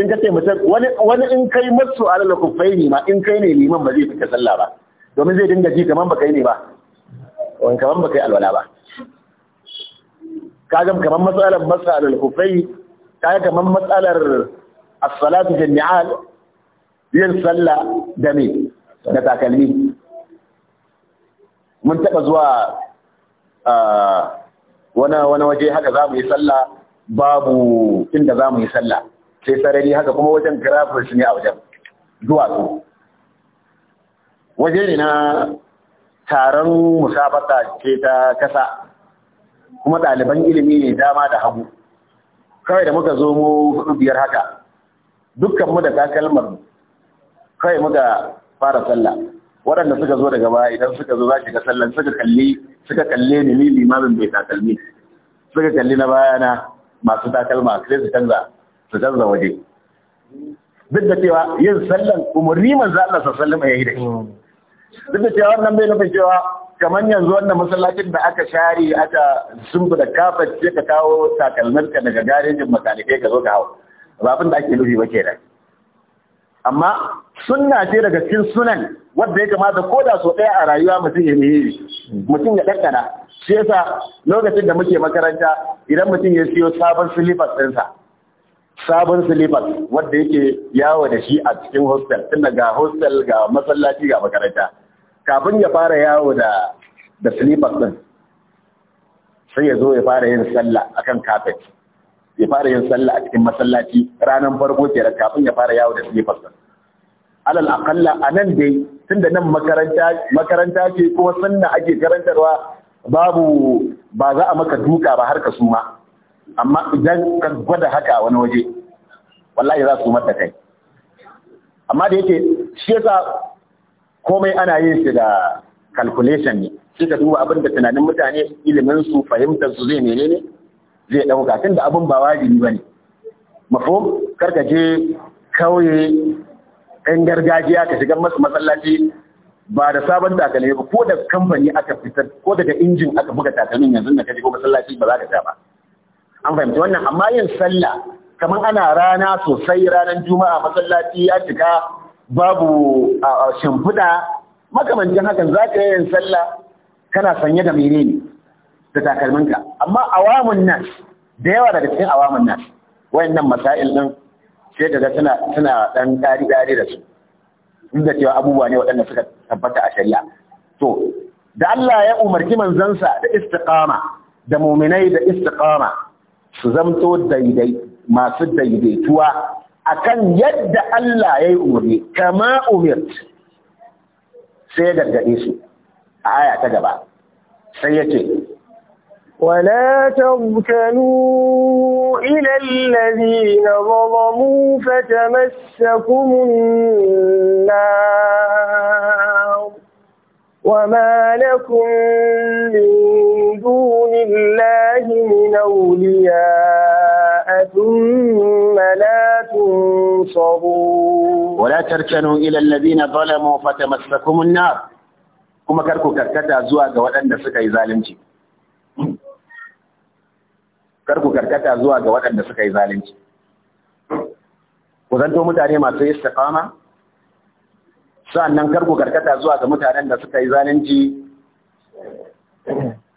in ka ce mutum wani wani in kai masu alal kufaini ma in kai ne liman ba zai fita sallah ba domin zai dinga ji kaman ba kai ne ba wani kaman ba kai alwala ba kaga kaman matsalar masu alal kufaini kaga kaman matsalar A salatu bil ni'al yin sallah da da takalmi mun taɓa zuwa wani waje haka za mu yi sallah babu inda za mu yi sallah sai sarari haka kuma wajen grafis ne a wajen duwatsu waje ne na taron musabaka ce ta kasa kuma ɗaliban ilimi ne dama da hagu kawai da muka zo mu biyar haka dukkan mu da takalmar mu da fara sallah waɗanda suka zo daga baya idan suka zo za ki ga sallan suka kalli suka kalle ni ni limamin bai takalmi suka kalli na baya na masu takalma sai su canza su canza waje duk da cewa yin sallan umarni za Allah sallallahu alaihi wasallam ya yi da shi duk da cewa wannan bai nufin cewa kamar yanzu wannan masallacin da aka share aka sumbu da kafa ce ka kawo takalmarka daga garejin makanikai ka zo ka hawa ba abin da ake nufi ba kenan amma sunna ce daga cikin sunan wanda ya kamata ko da so ɗaya a rayuwa mutum ya mihiri mutum ya ɗanɗana shi yasa lokacin da muke makaranta idan mutum ya siyo sabon silifas ɗinsa sabon silifas wanda yake yawo da shi a cikin hostel tun ga hostel ga masallaci ga makaranta kafin ya fara yawo da da silifas ɗin sai ya zo ya fara yin sallah akan kafet ya fara yin sallah a cikin masallaci ranar farko da kafin ya fara yawo da fasa. alal akalla a nan dai tunda nan makaranta ce ko sanna ake karantarwa babu ba za a maka duka ba har ka suma amma idan ka gwada haka wani waje wallahi za su mata kai amma da yake shi yasa komai ana yin shi da calculation ne Sai ka duba abinda tunanin mutane ilimin su fahimtar su zai menene zai ɗauka tun da abin ba wajibi ba ne mafo karka je kauye ɗan gargajiya ka shiga masu masallaci ba da sabon takalmi ba ko da kamfani aka fitar ko daga injin aka buga takalmin yanzu da ka ko masallaci ba za ka sha ba an fahimci wannan amma yin sallah kamar ana rana sosai ranar juma'a masallaci ya cika babu shimfiɗa makamancin hakan za ka yi yin sallah kana sanye da menene da takalmin ka, amma awamun nan. da yawa daga cikin awamun nan, wayannan masail din sai daga suna suna dan dari dari da su duk da cewa abubuwa ne waɗanda suka tabbata a shari'a to da Allah ya umarci manzansa da istiqama da mu'minai da istiqama su zamto daidai masu daidaituwa akan yadda Allah ya yi umarni kama umirt sai ya gargaɗe su a aya ta gaba sai ya ce ولا تركنوا إلى الذين ظلموا فتمسكم النار وما لكم من دون الله من أولياء ثم لا تنصرون ولا تركنوا إلى الذين ظلموا فتمسكم النار كما كركوا كركتا زواج وأن سكي ظالمتي kar ku karkata zuwa ga waɗanda suka yi zalunci ku zanto mutane masu istiqama sannan kar ku karkata zuwa ga mutanen da suka yi zalunci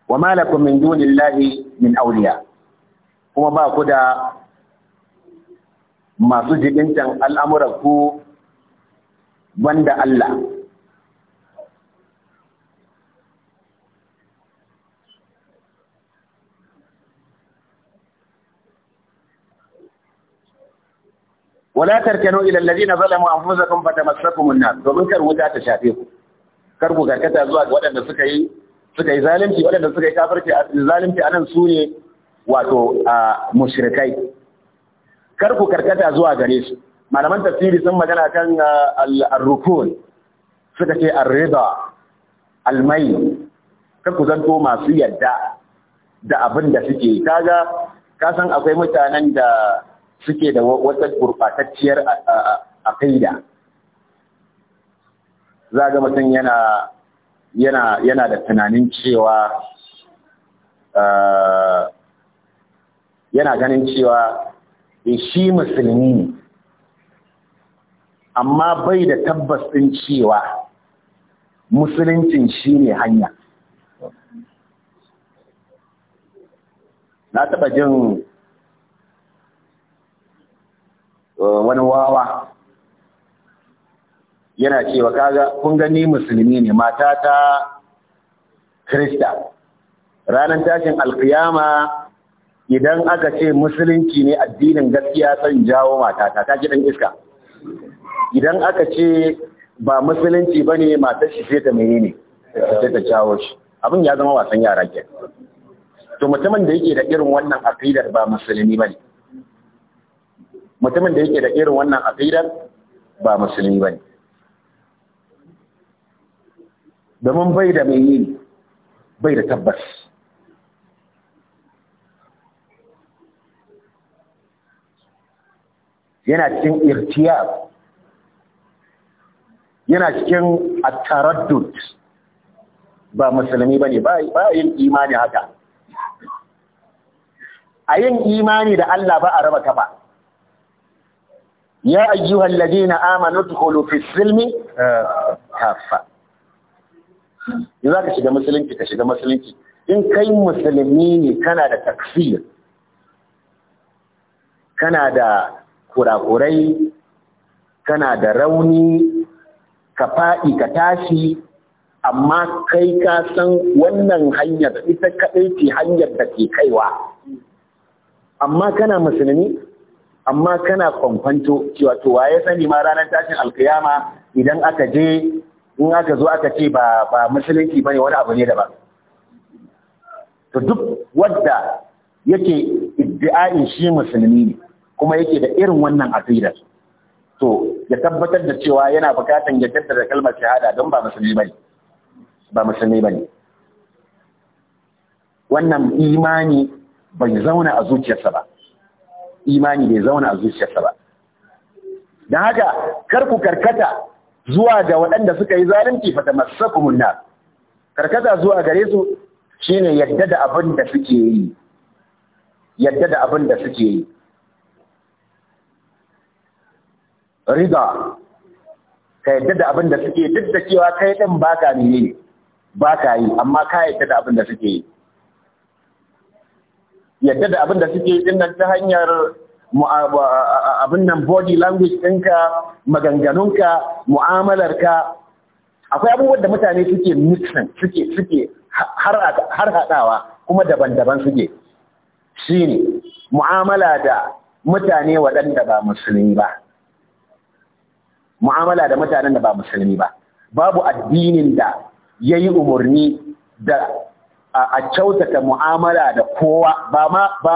wa malakun min min dunillahi min auliya, kuma ba ku da masu al'amura al'amuranku banda Allah wala tarkanu ila alladhina zalamu anfusakum fatamassakum an-nar domin kar wuta ta shafe ku kar ku karkata zuwa ga waɗanda suka yi suka yi zalunci waɗanda suka yi kafirci zalunci anan su ne wato mushrikai kar ku karkata zuwa gare su malaman tafsiri sun magana kan al-rukun suka ce ar-rida al-mai kar ku zanto masu yadda da abin da suke kaga ka san akwai mutanen da suke da wata gurɓatacciyar akaida za ga mutum yana yana yana da tunanin cewa uh, yana ganin cewa eh, shi musulmi amma bai da tabbas ɗin cewa musuluncin shi ne hanya na taɓa jin wani wawa yana cewa kaga kun gani musulmi ne mata ta krista ranar tashin alkiyama idan aka ce musulunci ne addinin gaskiya son jawo mata ta ta gidan iska idan aka ce ba musulunci ba ne matar shi sai ta menene sai ta jawo shi abin ya zama wasan yara ke to mutumin da yake da irin wannan akidar ba musulmi ba ne mutumin da yake da irin wannan aqidar ba musulmi bane domin bai da mai yi bai da tabbas yana cikin irtiya, yana cikin attaraddud ba musulmi bane ba yin imani haka a yin imani da Allah ba a raba ba. ya ayyuhal ladina amanu dkhulu fi silmi kafa za ka shiga musulunci ka shiga musulunci in kai musulmi ne kana da takfir kana da kurakurai kana da rauni ka faɗi ka tashi amma kai ka san wannan hanyar ita kaɗai ce hanyar da ke kaiwa amma kana musulmi amma kana kwankwanto cewa to ya sani ma ranar tashin alkiyama idan aka je in aka zo aka ce ba ba musulunci bane wani abu ne daban to duk wanda yake iddi'a'in shi musulmi ne kuma yake da irin wannan aqida to ya tabbatar da cewa yana bukatan ya tattara kalmar shahada don ba musulmi bane ba musulmi bane wannan imani bai zauna a zuciyarsa ba imani bai zauna a zuciyarsa ba Da haka kar ku karkata zuwa ga waɗanda suka yi zalunci fata masu munna. karkata zuwa gare su ne yadda da abin da suke yi yadda da abin da suke yi Riga, ka yadda da abin da suke duk da cewa kai ɗin ka baka ne ka yi amma ka yadda da abin da suke yi yadda da abin da suke yin dinnan ta hanyar abin nan body language ɗinka maganganunka mu'amalarka akwai abubuwan da mutane suke mixing suke suke har haɗawa kuma daban-daban suke shi ne mu'amala da mutane waɗanda ba musulmi ba mu'amala da mutanen da ba musulmi ba babu addinin da ya yi umarni da a kyautata mu'amala da kowa ba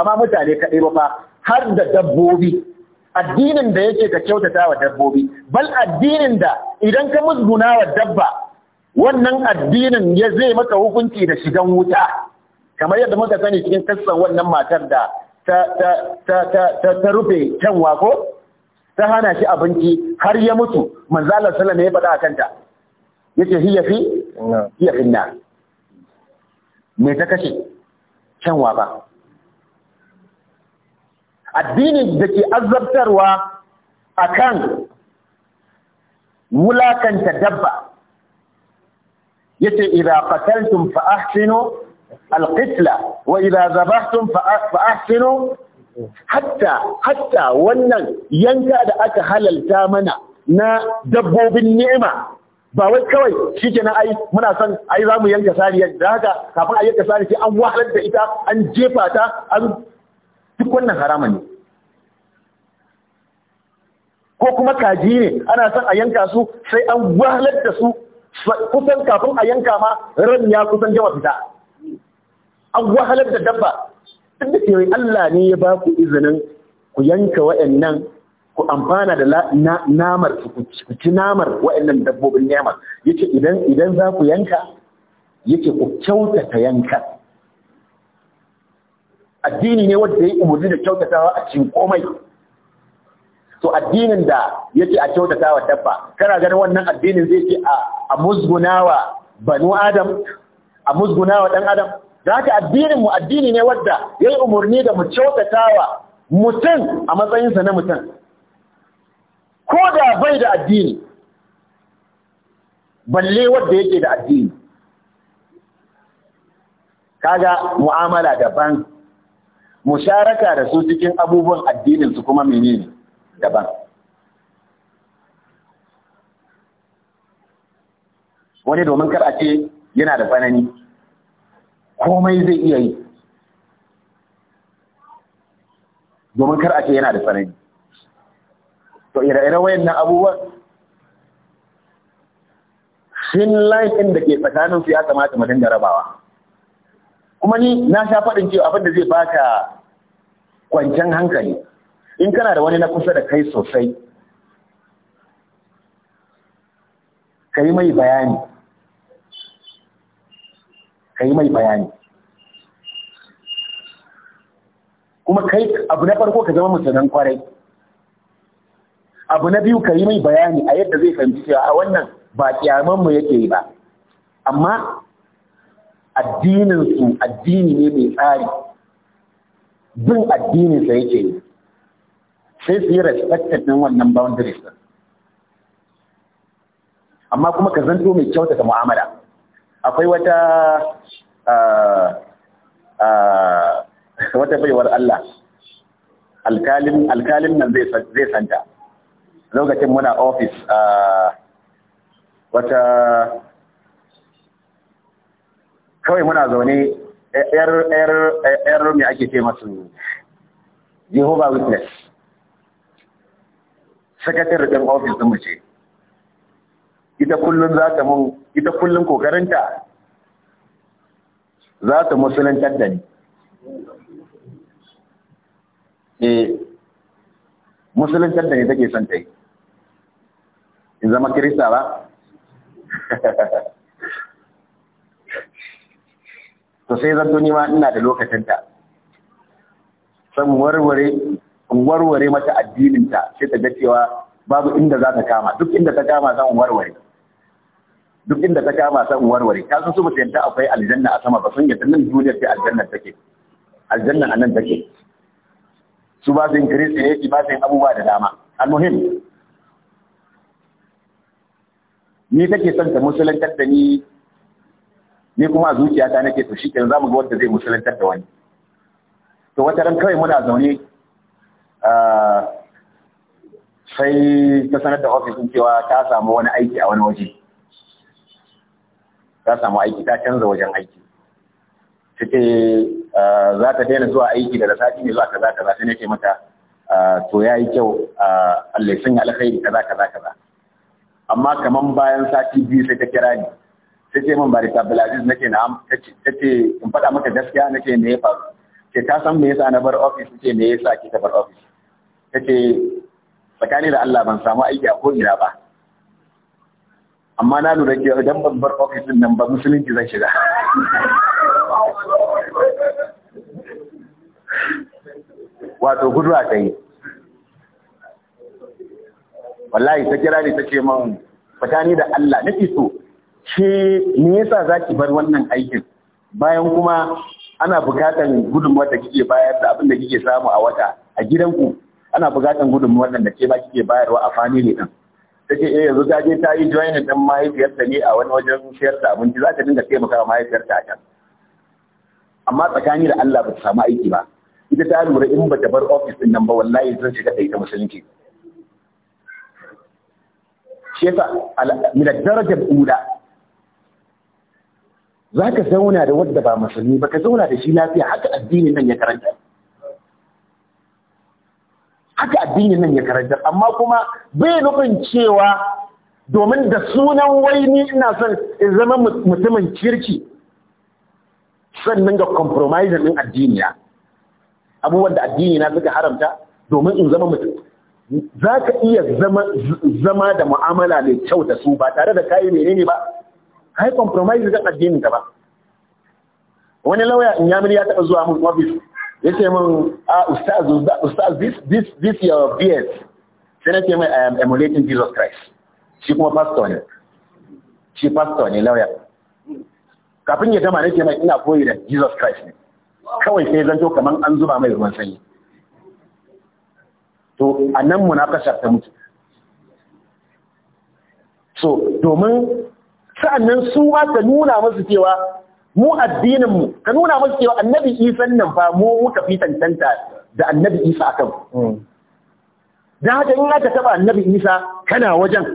ma mutane kaɗai ba har da dabbobi addinin da yake ka kyautata wa dabbobi bal addinin da idan ka musguna wa dabba wannan addinin ya zai maka hukunci da shigan wuta kamar yadda muka sani cikin kassan wannan matar da ta rufe kyanwa ko ta hana shi abinci har ya mutu manzalar salama ya faɗa a kanta yace hiya fi hiya fi na Mai ta kashe kyanwa ba addini da ke azabtarwa akan wulakanta dabba yace idza qataltum fa ahsinu alqitla wa ira zabahtum fa hatta hatta wannan yanka da aka halalta mana na dabbobin ni'ima ba wai kawai shi kenan ai muna son ai za mu yanka yanzu. da haka kafin a yanka sariyar ce an wahalar da ita an jefa ta an duk wannan haraman ne ko kuma kaji ne ana son a yanka su sai an wahalar da su kusan kafin a yanka ma ran ya kusan jawa fita an wahalar da dabba duk da Allah ne ya ba ku izinin ku yanka wa'annan ku amfana da namar ku ci namar waɗannan dabbobin nema yace idan idan za ku yanka yace ku kyautata yanka addini ne wanda ya umurni da kyautatawa a cikin komai to addinin da yake a kyautatawa dabba kana ganin wannan addinin zai ce a musgunawa banu adam a musgunawa dan adam da addinin mu addini ne wanda yayi umurni da mu kyautatawa mutum a matsayinsa na mutum ko da bai da addini balle wanda yake da addini kaga mu'amala daban musharaka da su cikin abubuwan addinin su kuma menene daban wani domin kar a ce yana da tsanani komai zai iya yi domin kar a ce yana da tsanani to ire-iren wayannan abubuwan shin line ɗin da ke tsakanin su ya kamata mu dinga rabawa kuma ni na sha faɗin cewa abin da zai baka kwancen hankali in kana da wani na kusa da kai sosai ka mai bayani kai mai bayani kuma kai abu na farko ka zama musulman kwarai abu na biyu ka yi mai bayani a yadda zai fahimci cewa a wannan ba kyaman mu yake yi ba amma addinin addini ne mai tsari bin addininsa sa yake yi sai su yi respected din wannan boundaries amma kuma ka zanto mai kyautata mu'amala akwai wata wata baiwar Allah alkalin nan zai santa lokacin muna ofis a wata kawai muna zaune yar rumi ake ce masu Jehovah Witness sakatare ɗin ofis ɗin mu ce ita kullum za ta mun ita kullum kokarinta za ta musulantar da ni eh da take son ta yi in zama kirista ba (laughs) to sai zanto ni ma ina da lokacinta san warware warware mata addininta sai ta ga cewa babu inda za ta kama duk inda ta kama zan warware duk inda ta kama zan warware ka san su ba yanta akwai aljanna a sama ba sun yanta nan duniya ce aljanna take aljanna anan take su ba su yin kristi ne ba su yin abubuwa da dama almuhim ni kake son ta musulantar da ni ni kuma a zuciyata nake to shi kenan zamu ga wanda zai musulantar da wani to wata ran kawai muna zaune sai ta sanar da din cewa ta samu wani aiki a wani waje ta samu aiki ta canza wajen aiki take za ta daina zuwa aiki daga sati ne zuwa kaza kaza sai nake mata to yayi kyau Allah ya sanya alkhairi kaza kaza kaza amma kaman bayan sati biyu sai ta kira ni sai ce min barista Abdulaziz nake na tace in faɗa maka gaskiya nake ne ya faru ke ta san me yasa na bar office ce me yasa ki ta bar office ce tsakani da Allah ban samu aiki a ko ina ba amma na lura ke idan ban bar office din nan ba musulunci zan shiga (laughs) wato gudu a kai wallahi ta kira ni ta ce min tsakani da Allah nake so ke me yasa zaki bar wannan aikin bayan kuma ana bukatan gudunmuwar da kike bayar da abin da kike samu a wata a gidanku ana bukatan gudunmuwar da ke ba kike bayarwa a family din take eh yanzu ta je ta yi joinin din mahaifiyarta ne a wani wajen siyar da abinci za ta dinga taimaka wa mahaifiyarta a can amma tsakani da Allah ba ta samu aiki ba ita ta lura in ba ta bar office din nan ba wallahi zan shiga da ita musulunci shefa yasa min darajar ula za ka zauna da wadda ba musulmi ba ka zauna da shi lafiya haka addinin nan ya karanta haka addinin nan ya karanta amma kuma bai nufin cewa domin da sunan waini ina son in zama mutumin kirki sannan ga compromising din addiniya abubuwan da addinina suka haramta domin in zama mutum za ka iya zama da mu'amala mai kyau da su ba tare da kayi menene ba kai compromise ga addinin ka ba wani lauya in yamir ya taba zuwa mun office yace min a ustaz ustaz this this this your beard sai ce mai i am emulating Jesus Christ shi kuma pastor ne shi pastor ne lawyer kafin ya gama nake mai ina koyi da Jesus Christ ne kawai sai zanto kaman an zuba mai ruwan sanyi to a nan munakashar ta mutu so domin sa'annan su ma ka nuna masu cewa mu addininmu ka nuna masu cewa annabi isan nan fa mu muka fi tantanta da annabi isa a kan hmm. da haka in aka taba annabi isa kana wajen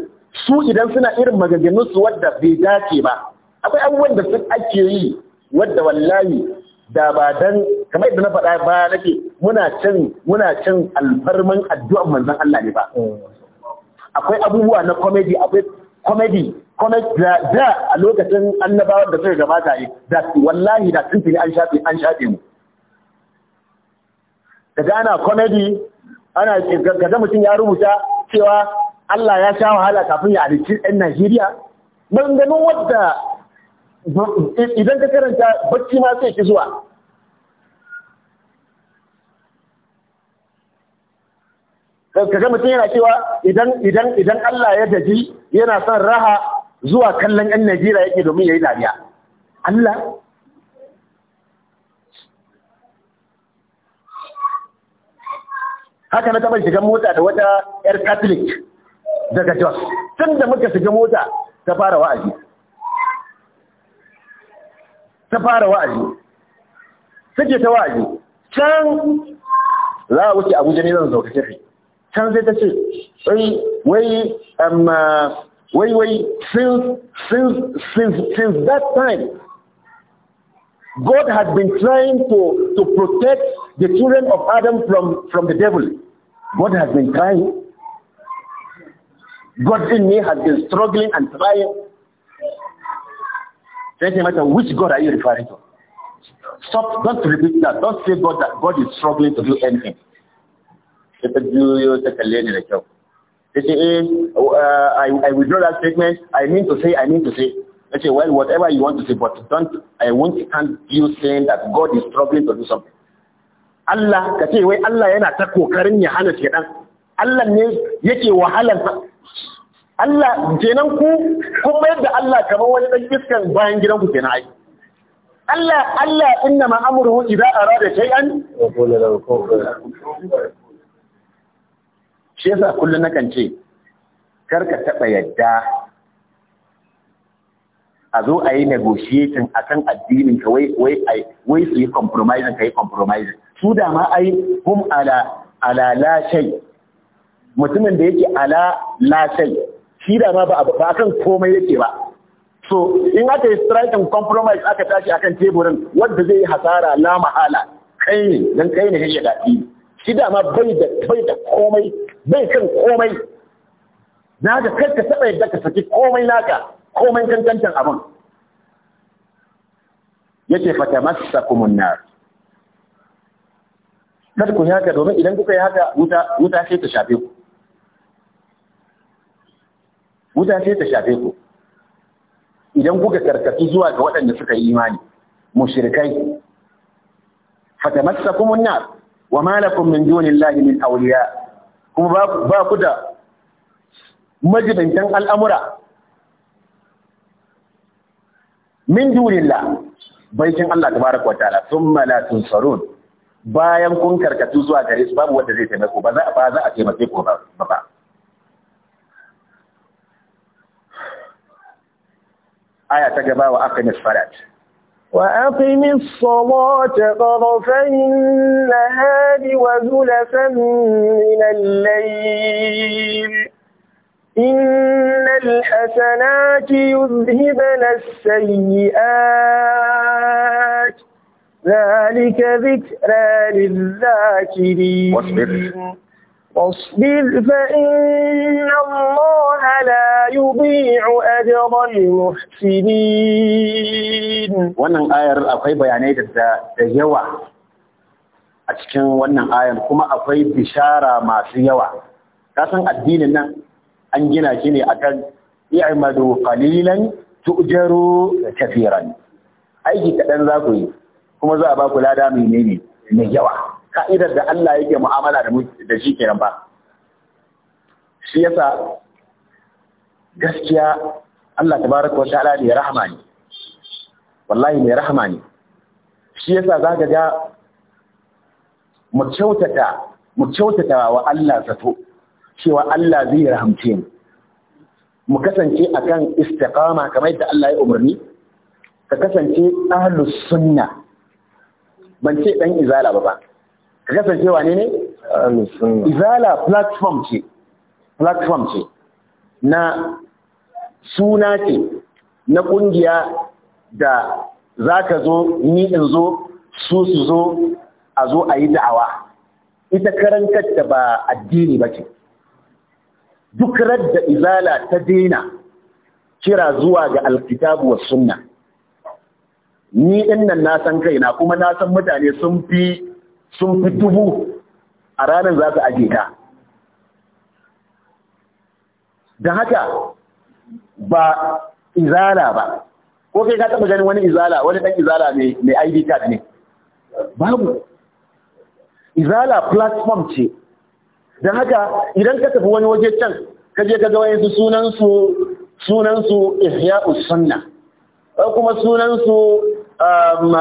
su idan suna irin maganganun wadda bai dace ba akwai abubuwan da sun ake yi wadda wallahi da ba dan kamar yadda na faɗa ba nake muna cin muna cin alfarman addu'an manzon Allah ne ba akwai abubuwa na comedy akwai comedy da a lokacin annabawa da suka gabata yi da wallahi da tuntuni an shafe an shafe mu kaga ana comedy ana kaga mutum ya rubuta cewa Allah ya sha wahala kafin ya halicci ɗan Najeriya maganganun wadda idan ka karanta bacci ma sai ki zuwa kaga mutum yana cewa idan idan Allah ya gaji yana son raha zuwa kallon yan Najeriya yake domin yayi dariya Allah haka na taɓa shiga mota da wata 'yar catholic daga jos tun da muka shiga mota ta fara wa'azi ta fara wa'azi take ta wa'azi can za a wuce abuja ne zan zauka kafi can sai ta ce wai amma um, uh, wai wai since since since since that time God had been trying to to protect the children of Adam from from the devil. God has been trying. God in me has been struggling and trying then they might say, which God are you referring to? Stop, don't repeat that. Don't say God that God is struggling to do anything. They say, eh, uh, I, I withdraw that statement. I mean to say, I mean to say. I say, well, whatever you want to say, but don't, I won't stand you saying that God is struggling to do something. Allah, ka ce Allah yana ta kokarin ya hana shedan. Allah ne yake wahalar Allah kenan ku kun mayar da Allah kamar wani dan iskan bayan gidan ku kenan ai Allah Allah inna ma amruhu idza arada shay'an shi yasa kullun nakan ce kar ka taba yadda a zo a yi negotiating kan addinin ka wai wai wai su yi compromising ka yi compromising su da ma ai hum ala ala la shay mutumin da yake ala la shay shi da ma ba a kan komai yake ba so in aka yi strike and compromise aka tashi akan teburin wanda zai yi hasara la mahala kai ne dan kai ne ya daɗi shi da ma bai da bai da komai bai kan komai na ga kar ka saba yadda ka saki komai naka komai kankantan abin yace fatamassakumun nar kada ku yi haka domin idan kuka yi haka wuta wuta sai ta shafe ku wuta sai ta shafe ku idan kuka karkatu zuwa ga waɗanda suka yi imani mushrikai fatamassakum an-nar wa ma lakum min dunillahi min awliya kuma ba ku da majibantan al'amura min dunillah baitin Allah tabaraka wa ta'ala thumma la tunsarun bayan kun karkatu zuwa gare su babu wanda zai taimako ba za a taimake ku ba آية تجبا وأقم الصلاة وأقم الصلاة طرفي النهار وزلفا من الليل إن الحسنات يذهبن السيئات ذلك ذكرى للذاكرين واصبر واصبر فإن الله لا يضيع أجر المحسنين wannan ayar akwai bayanai da yawa a cikin wannan ayar kuma akwai bishara masu yawa kasan addinin nan an gina shi ne akan i'malu qalilan tu'jaru kafiran aiki kaɗan za ku yi kuma za a ba ku lada mai ne mai yawa ka'idar da Allah yake mu'amala da shi kenan ba shi yasa gaskiya Allah tabaraka wa ta'ala ne rahama ne wallahi ne rahama ne shi yasa zaka ga mu kyautata mu kyautata wa Allah zato cewa Allah zai rahamce mu mu kasance akan istiqama kamar yadda Allah ya umarni ka kasance ahlus sunna ban ce ɗan izala ba ba ka kasancewa ne ne izala platform ce platform ce na suna ce na kungiya da za ka zo ni in zo su su zo a zo a yi da'awa ita karantar da ba addini ba ce duk radda izala ta daina kira zuwa ga alkitabu wa sunna ni ɗin nan na san kaina kuma na san mutane sun fi sun fi dubu a ranar za su aje ta da haka ba izala ba ko kai ka taɓa ganin wani izala wani ɗan izala mai id card ne babu izala platform ce Da haka idan ka tafi wani waje can ka je ka ga wayansu sunansu sunansu ihya'us sunna kuma sunansu um,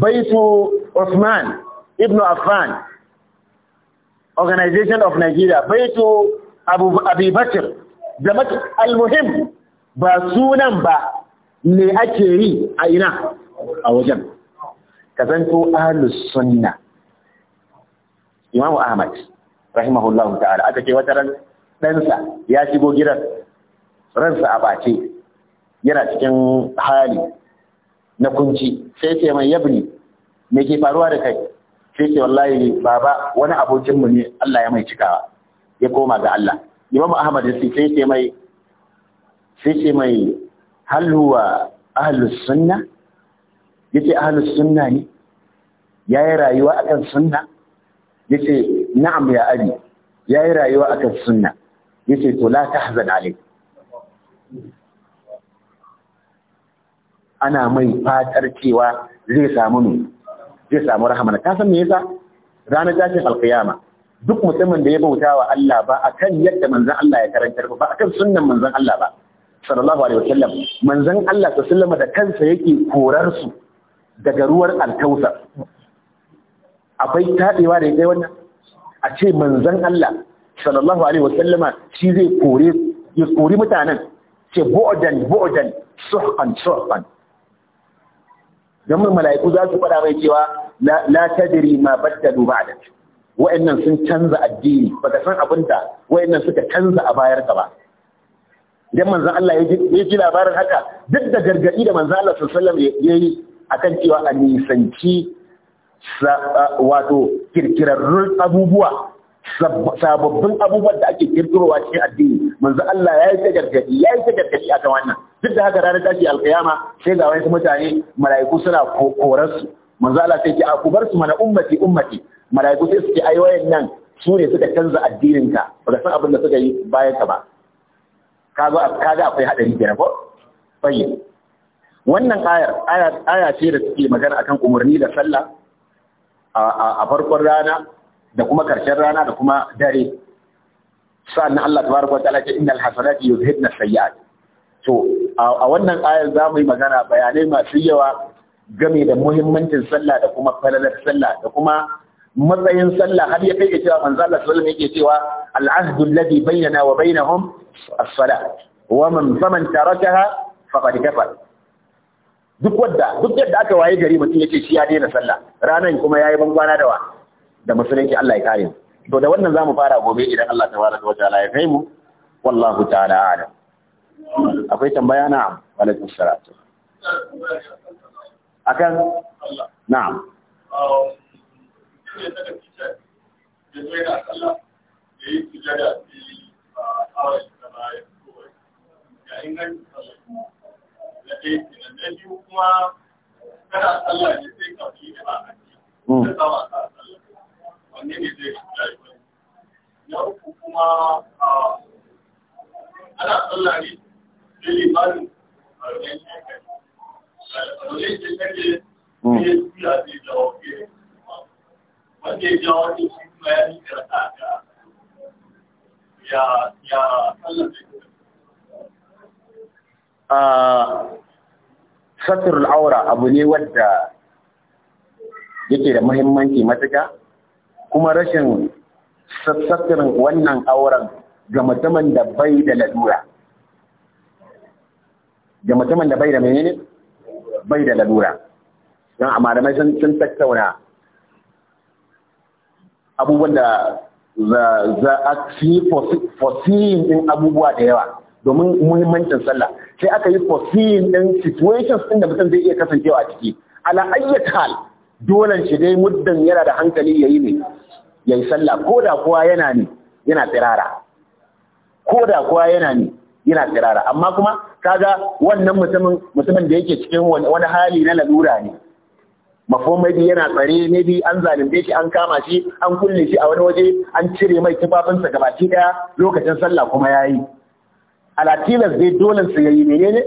baitu Usman Ibn Affan, Organization of Nigeria, Baito Abu Bakr, da al-muhim ba sunan ba ne ake yi a ina a wajen. Kazanto Ahlus Sunna, Imamu Ahmad, rahimahullahu ta'ala, aka ce wata ransa ya shigo gidan ransa a bace yana cikin hali na kunci sai ce mai yabni me ke faruwa da kai sai ce wallahi baba wani abokinmu ne Allah ya mai cikawa ya koma ga Allah Imam Ahmad sai ce mai sai ce mai hal huwa ahlus sunna yace ahlus sunna ne yayi rayuwa akan sunna yace na'am ya abi yayi rayuwa akan sunna yace to la tahzan alai ana mai fatar cewa zai samu mu. zai samu rahama ka san me yasa ranar tashin alkiyama duk mutumin da ya bauta wa Allah ba akan yadda manzon Allah ya karantar ba akan sunnan manzon Allah ba sallallahu alaihi wasallam manzon Allah sallallahu da kansa yake korar su daga ruwar alkausa akwai tadewa da yake wannan a ce manzon Allah sallallahu alaihi wasallama shi zai kore ya kori mutanen ce bo'dan bo'dan suhqan suhqan don mai mala'iku za su faɗa mai cewa la tadri ma baddalu ba'da wa'annan sun canza addini baka san abin da wayannan suka canza a bayar ka ba dan manzon Allah ya ji labarin haka duk da gargadi da manzon Allah sallallahu alaihi wasallam a akan cewa a nisanci wato kirkirarrun abubuwa sababbin abubuwan da ake kirkirowa cikin addini manzo Allah ya yi ta gargadi ya yi ta gargadi a kan wannan duk da haka ranar tashi alkiyama sai ga wani mutane mala'iku suna korar su manzo Allah sai ki a kubar su mana ummati ummati mala'iku sai su ce ai nan su ne suka canza addinin ka ba san abin da suka yi bayan ka ba kaga kaga akwai hadari kenan ko wannan ayar aya ce da suke magana akan umarni da sallah a farkon rana da kuma karshen rana da kuma dare sa'an nan Allah tabaraka wa ta'ala ce innal hasanati yuzhibna sayyi'at to a wannan ayar za mu yi magana bayanai masu yawa game da muhimmancin sallah da kuma falalar sallah da kuma matsayin sallah har ya kai cewa manzo Allah sallallahu alaihi yake cewa al'ahdu alladhi bayyana wa bainahum as-salah wa man faman tarakaha faqad kafar duk wanda duk yadda aka waye gari mutum yake shi ya daina sallah ranan kuma yayi ban kwana da wa da musulunci Allah ya kare mu to da wannan zamu fara gobe idan Allah tabaraka wa ta'ala ya kai mu wallahu ta'ala ala akwai tambaya na alaikum salatu akan na'am kuma kana Allah sai ka fi ba a wanne kuma aura abu ne wadda yake da muhimmanci matuka kuma rashin sassafirin wannan auren ga mutumin da bai da lalura ga mutumin da bai da menene bai da lalura don a malamai sun tattauna abubuwan da za a fi foreseeing ɗin abubuwa da yawa domin muhimmancin sallah sai aka yi foreseeing ɗin situations ɗin da mutum zai iya kasancewa a ciki ala ayyata hal dole shi dai muddin yana da hankali yayi ne ya yi sallah ko da kowa yana ne yana tsirara ko da kowa yana ne yana tsirara amma kuma ga wannan mutumin mutumin da yake cikin wani hali na lalura ne mafomadi yana tsare ne bi an zalunce shi an kama shi an kulle shi a wani waje an cire mai tufafinsa gabaki daya lokacin sallah kuma ya yi. alatilas dai dole su yayi menene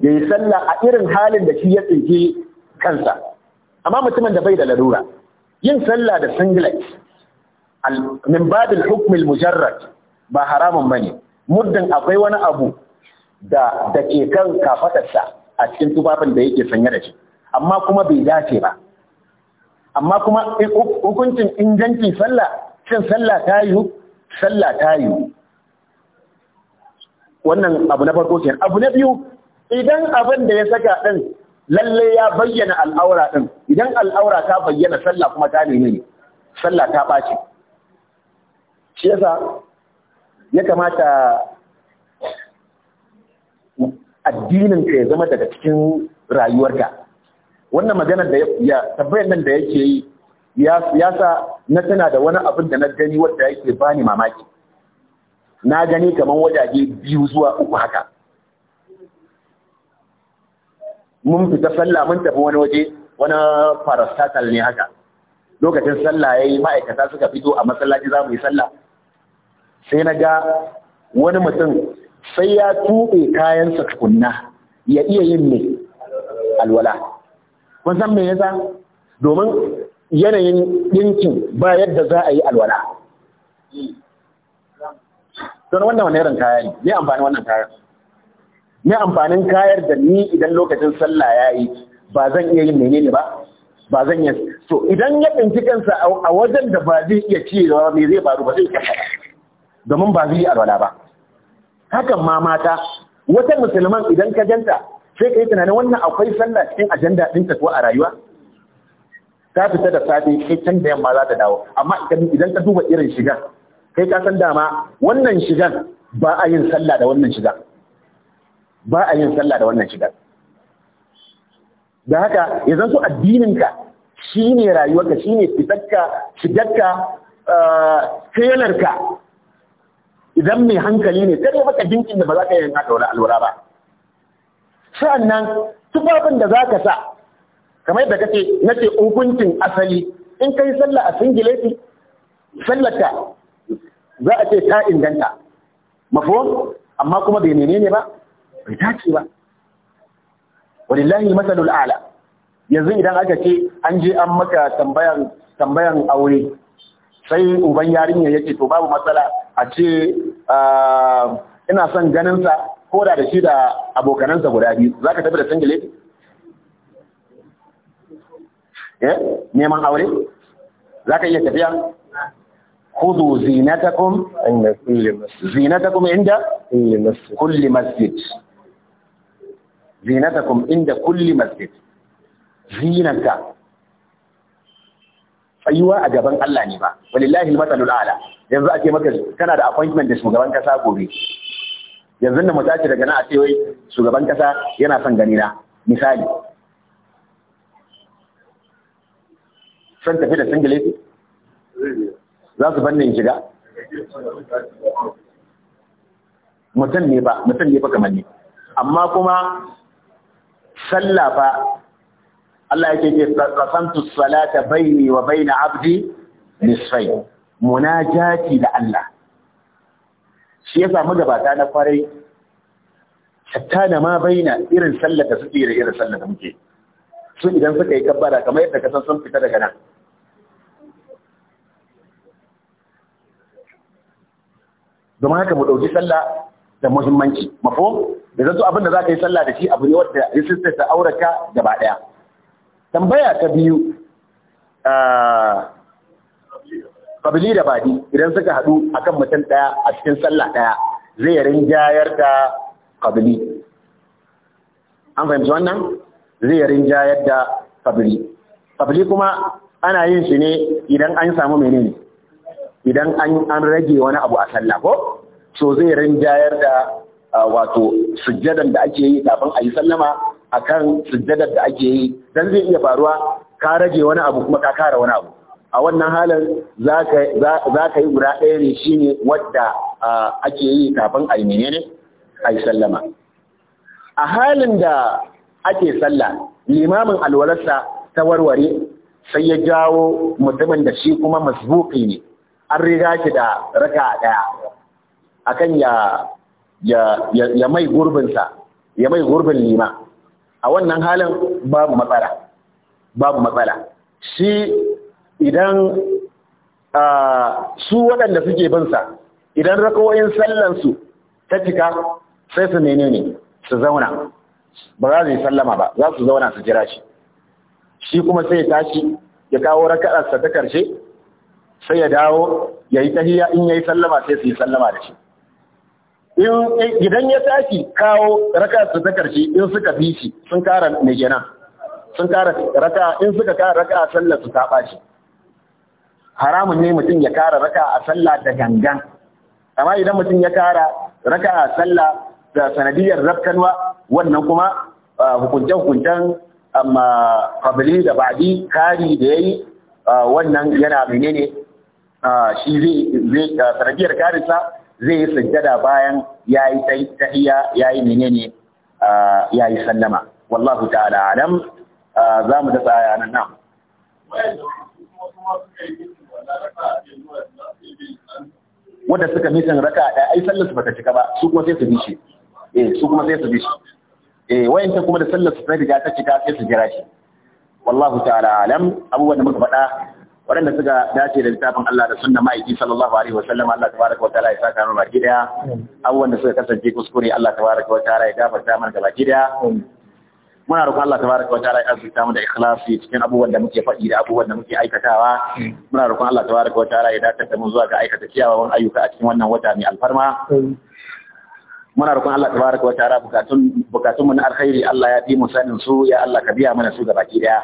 yayi sallah a irin halin da shi ya tsinci kansa amma mutumin da bai da lalura, yin sallah da singlet min babin hukmil mujarrad ba haramun bane muddin akwai wani abu da da ke kan kafaɗarsa a cikin tufafin da yake sanye da shi amma kuma bai dace ba amma kuma hukuncin inganci sallah cin sallah ta yi sallah ta yi wannan abu na farko abu na biyu idan abin da ya saka din lalle ya bayyana al'aura din idan al'aura ta bayyana sallah kuma ta ne ne sallah ta ɓaci shi yasa ya kamata addinin ka ya zama daga cikin rayuwarka wannan maganar da ya tabbayar nan da yake yi ya sa na tana da wani abin da na gani wanda yake bani mamaki na gani kamar wajaje biyu zuwa uku haka mun fita sallah mun tafi wani waje wani farastatal ne haka lokacin sallah yi ma'aikata suka fito a masallaci za mu yi sallah sai na ga wani mutum sai ya tuɓe kayansa tukunna ya iya yin mai alwala kun san me yasa domin yanayin ɗinkin ba yadda za a yi alwala don wannan wani irin kaya ne me amfani wannan kayan Ne amfanin kayar da ni idan lokacin sallah ya yi ba zan iya yin menene ba ba zan yi. so idan ya ɗinki kansa a wajen da ba zai iya ciyewa me zai faru ba zai kashe domin ba zai yi alwala ba hakan ma mata wata musulman idan ka janta sai ka yi tunanin wannan akwai sallah cikin ajanda ɗin ta a rayuwa ta fita da safe kai can da yamma za ta dawo amma idan ka duba irin shigan kai ka san dama wannan shigan ba a yin sallah da wannan shigan ba a yin sallah da wannan shigan da haka ya zan so addininka shi ne rayuwarka shi ne fitarka shigarka eh, ka idan mai hankali ne sai maka dinkin da ba za ka yi haka wani alwara ba nan, tufafin da za ka sa kamar da kace ce hukuncin asali in kai sallah a singileti sallata za a ce ta inganta mafo amma kuma bai menene ba bai dace ba walillahi masalul a'la yanzu idan aka ce an je an maka tambayan tambayan aure sai uban yarinya yake to babu matsala a ce ina son ganinsa ko da da shi da abokanansa guda biyu za ka tafi da singile? eh neman aure? za ka iya tafiya? ko zinatakum inda kulle inda kulli masjid zinatakum inda kulli masjid zinatakum tsayuwa a gaban Allah ne ba walillahi al-matalul a'la yanzu ake maka kana da appointment da shugaban kasa gobe yanzu da mu daga na a ce wai shugaban kasa yana son gani na misali san tafi da singileti za su banne shiga mutum ne ba mutum ne ba kamar ne amma kuma sallah fa Allah yake ce qasamtu salata baini wa baina abdi nisfai munajati da Allah shi ya samu gabata na kwarai hatta da ma baina irin sallar da suke irin sallar da muke su idan suka yi kabbara kamar yadda san sun fita daga nan domin haka mu ɗauki sallah da muhimmanci mafo da zato abin da za ka yi sallah da shi abu ne wanda ya sista ta aurata gaba daya tambaya ta biyu ƙabili da badi idan suka haɗu akan mutum ɗaya a cikin sallah ɗaya zai rinjayar da ƙabili an fahimci wannan zai rinjayar da ƙabili ƙabili kuma ana yin shi ne idan an samu menene idan an rage wani abu a sallah ko so zai rinjayar da wato sujjadan da ake yi kafin a yi sallama akan sujjadar da ake yi don zai iya faruwa ka rage wani abu kuma ka kara wani abu a wannan halin za ka yi guda ɗaya ne shine wadda ake yi kafin a yi menene a yi sallama a halin da ake sallah limamin alwalarsa ta warware sai ya jawo mutumin da shi kuma masbuki ne an riga shi da raka ɗaya. akan ya ya mai gurbinsa ya mai gurbin lima a wannan halin babu matsala babu matsala shi idan su waɗanda suke binsa idan rakawoyin sallansu ta cika sai su menene su zauna ba za su yi sallama ba za su zauna su jira shi shi kuma sai ya tashi ya kawo raka'arsa ta karshe sai ya dawo ya yi tahiya in ya yi sallama sai su yi sallama da shi idan ya tashi kawo raka su ta karshe in suka fi shi sun kara mai sun kara raka in suka kara raka a sallar su taɓa shi. haramun ne mutum ya kara raka a sallah da gangan amma idan mutum ya kara raka a sallah da sanadiyar rafkanwa wannan kuma hukunce-hukuncen amma kabili da baɗi kari da ya yi wannan yana menene shi zai sanadiyar karinsa zai yi sujjada bayan ya yi tahiyya ya yi menene ya yi sallama wallahu ta'ala alam za mu dasa a nan nan wanda suka misin raka ɗaya ai sallar su bata cika ba su kuma sai su bishi eh su kuma sai su bishi eh wayanta kuma da sallar su ta riga ta cika sai su jira shi wallahu ta'ala alam abubuwan da muka faɗa waɗanda suka dace da littafin Allah da sunna ma'aiki sallallahu alaihi wasallam Allah tabaraka wa ta'ala ya saka mana baki daya abubuwan da suka kasance kuskure Allah tabaraka wa ta'ala ya gafarta mana baki daya muna roƙon Allah tabaraka wa ta'ala ya azurta mu da ikhlasi cikin abubuwan da muke faɗi da abubuwan da muke aikatawa muna roƙon Allah tabaraka wa ta'ala ya dakatar da mu zuwa ga aikata kiyawawan ayyuka a cikin wannan wata mai alfarma muna roƙon Allah tabaraka wa ta'ala bukatun bukatun mu na alkhairi Allah ya bi mu sanin su ya Allah ka biya mana su baki daya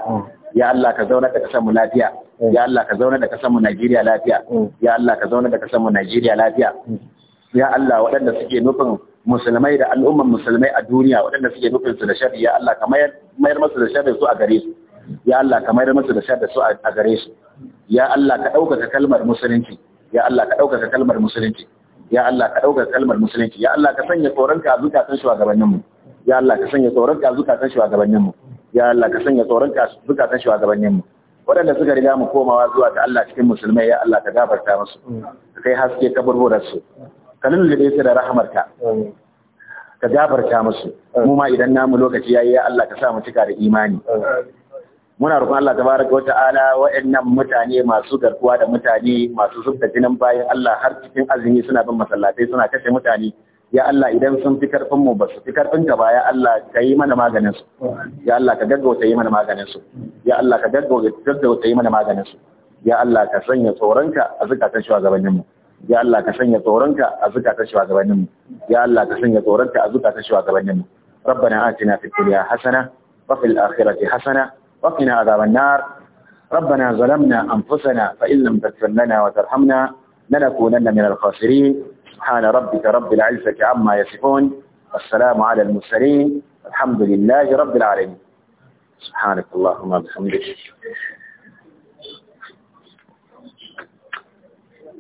ya Allah ka zauna da kasar mu lafiya ya Allah ka zauna da kasar mu Najeriya lafiya ya Allah ka zauna da kasar mu Najeriya lafiya ya Allah waɗanda suke nufin musulmai da al'umman musulmai a duniya waɗanda suke nufin su da shari. ya Allah ka mayar masu da shari su a gare su ya Allah ka mayar masu da shari su a gare su ya Allah ka ɗaukaka kalmar musulunci ya Allah ka ɗaukaka kalmar musulunci ya Allah ka ɗaukaka kalmar musulunci ya Allah ka sanya tsoronka a zukatan shugabanninmu ya Allah ka sanya tsoronka a zukatan shugabanninmu ya Allah ka sanya tsoron ka zukatan gaban mu waɗanda suka riga mu komawa zuwa ga Allah cikin musulmai ya Allah ka gafarta musu ka kai haske kaburburar su ka lullube su da rahamarka ka gafarta musu mu ma idan namu lokaci yayi ya Allah ka sa mu cika da imani muna roƙon Allah tabaraka wa ta'ala wa'annan mutane masu garkuwa da mutane masu zubda jinin bayan Allah har cikin azumi suna bin masallatai suna kashe mutane ya Allah idan sun fi karfin mu ba su fi karfin ka ba ya Allah ka yi mana maganin su ya Allah ka gaggauta yi mana maganin su ya Allah ka gaggauta yi mana maganin su ya Allah ka sanya tsoronka a zakatan shugabannin mu ya Allah ka sanya tsoronka a zakatan shugabannin mu ya Allah ka sanya tsoronka a zakatan shugabannin mu ربنا آتنا في الدنيا حسنة وفي الآخرة حسنة وقنا عذاب النار ربنا ظلمنا أنفسنا فإن لم تغفر لنا وترحمنا لنكونن من الخاسرين سبحان ربك رب العزة عما يصفون والسلام على المرسلين الحمد لله رب العالمين سبحانك اللهم وبحمدك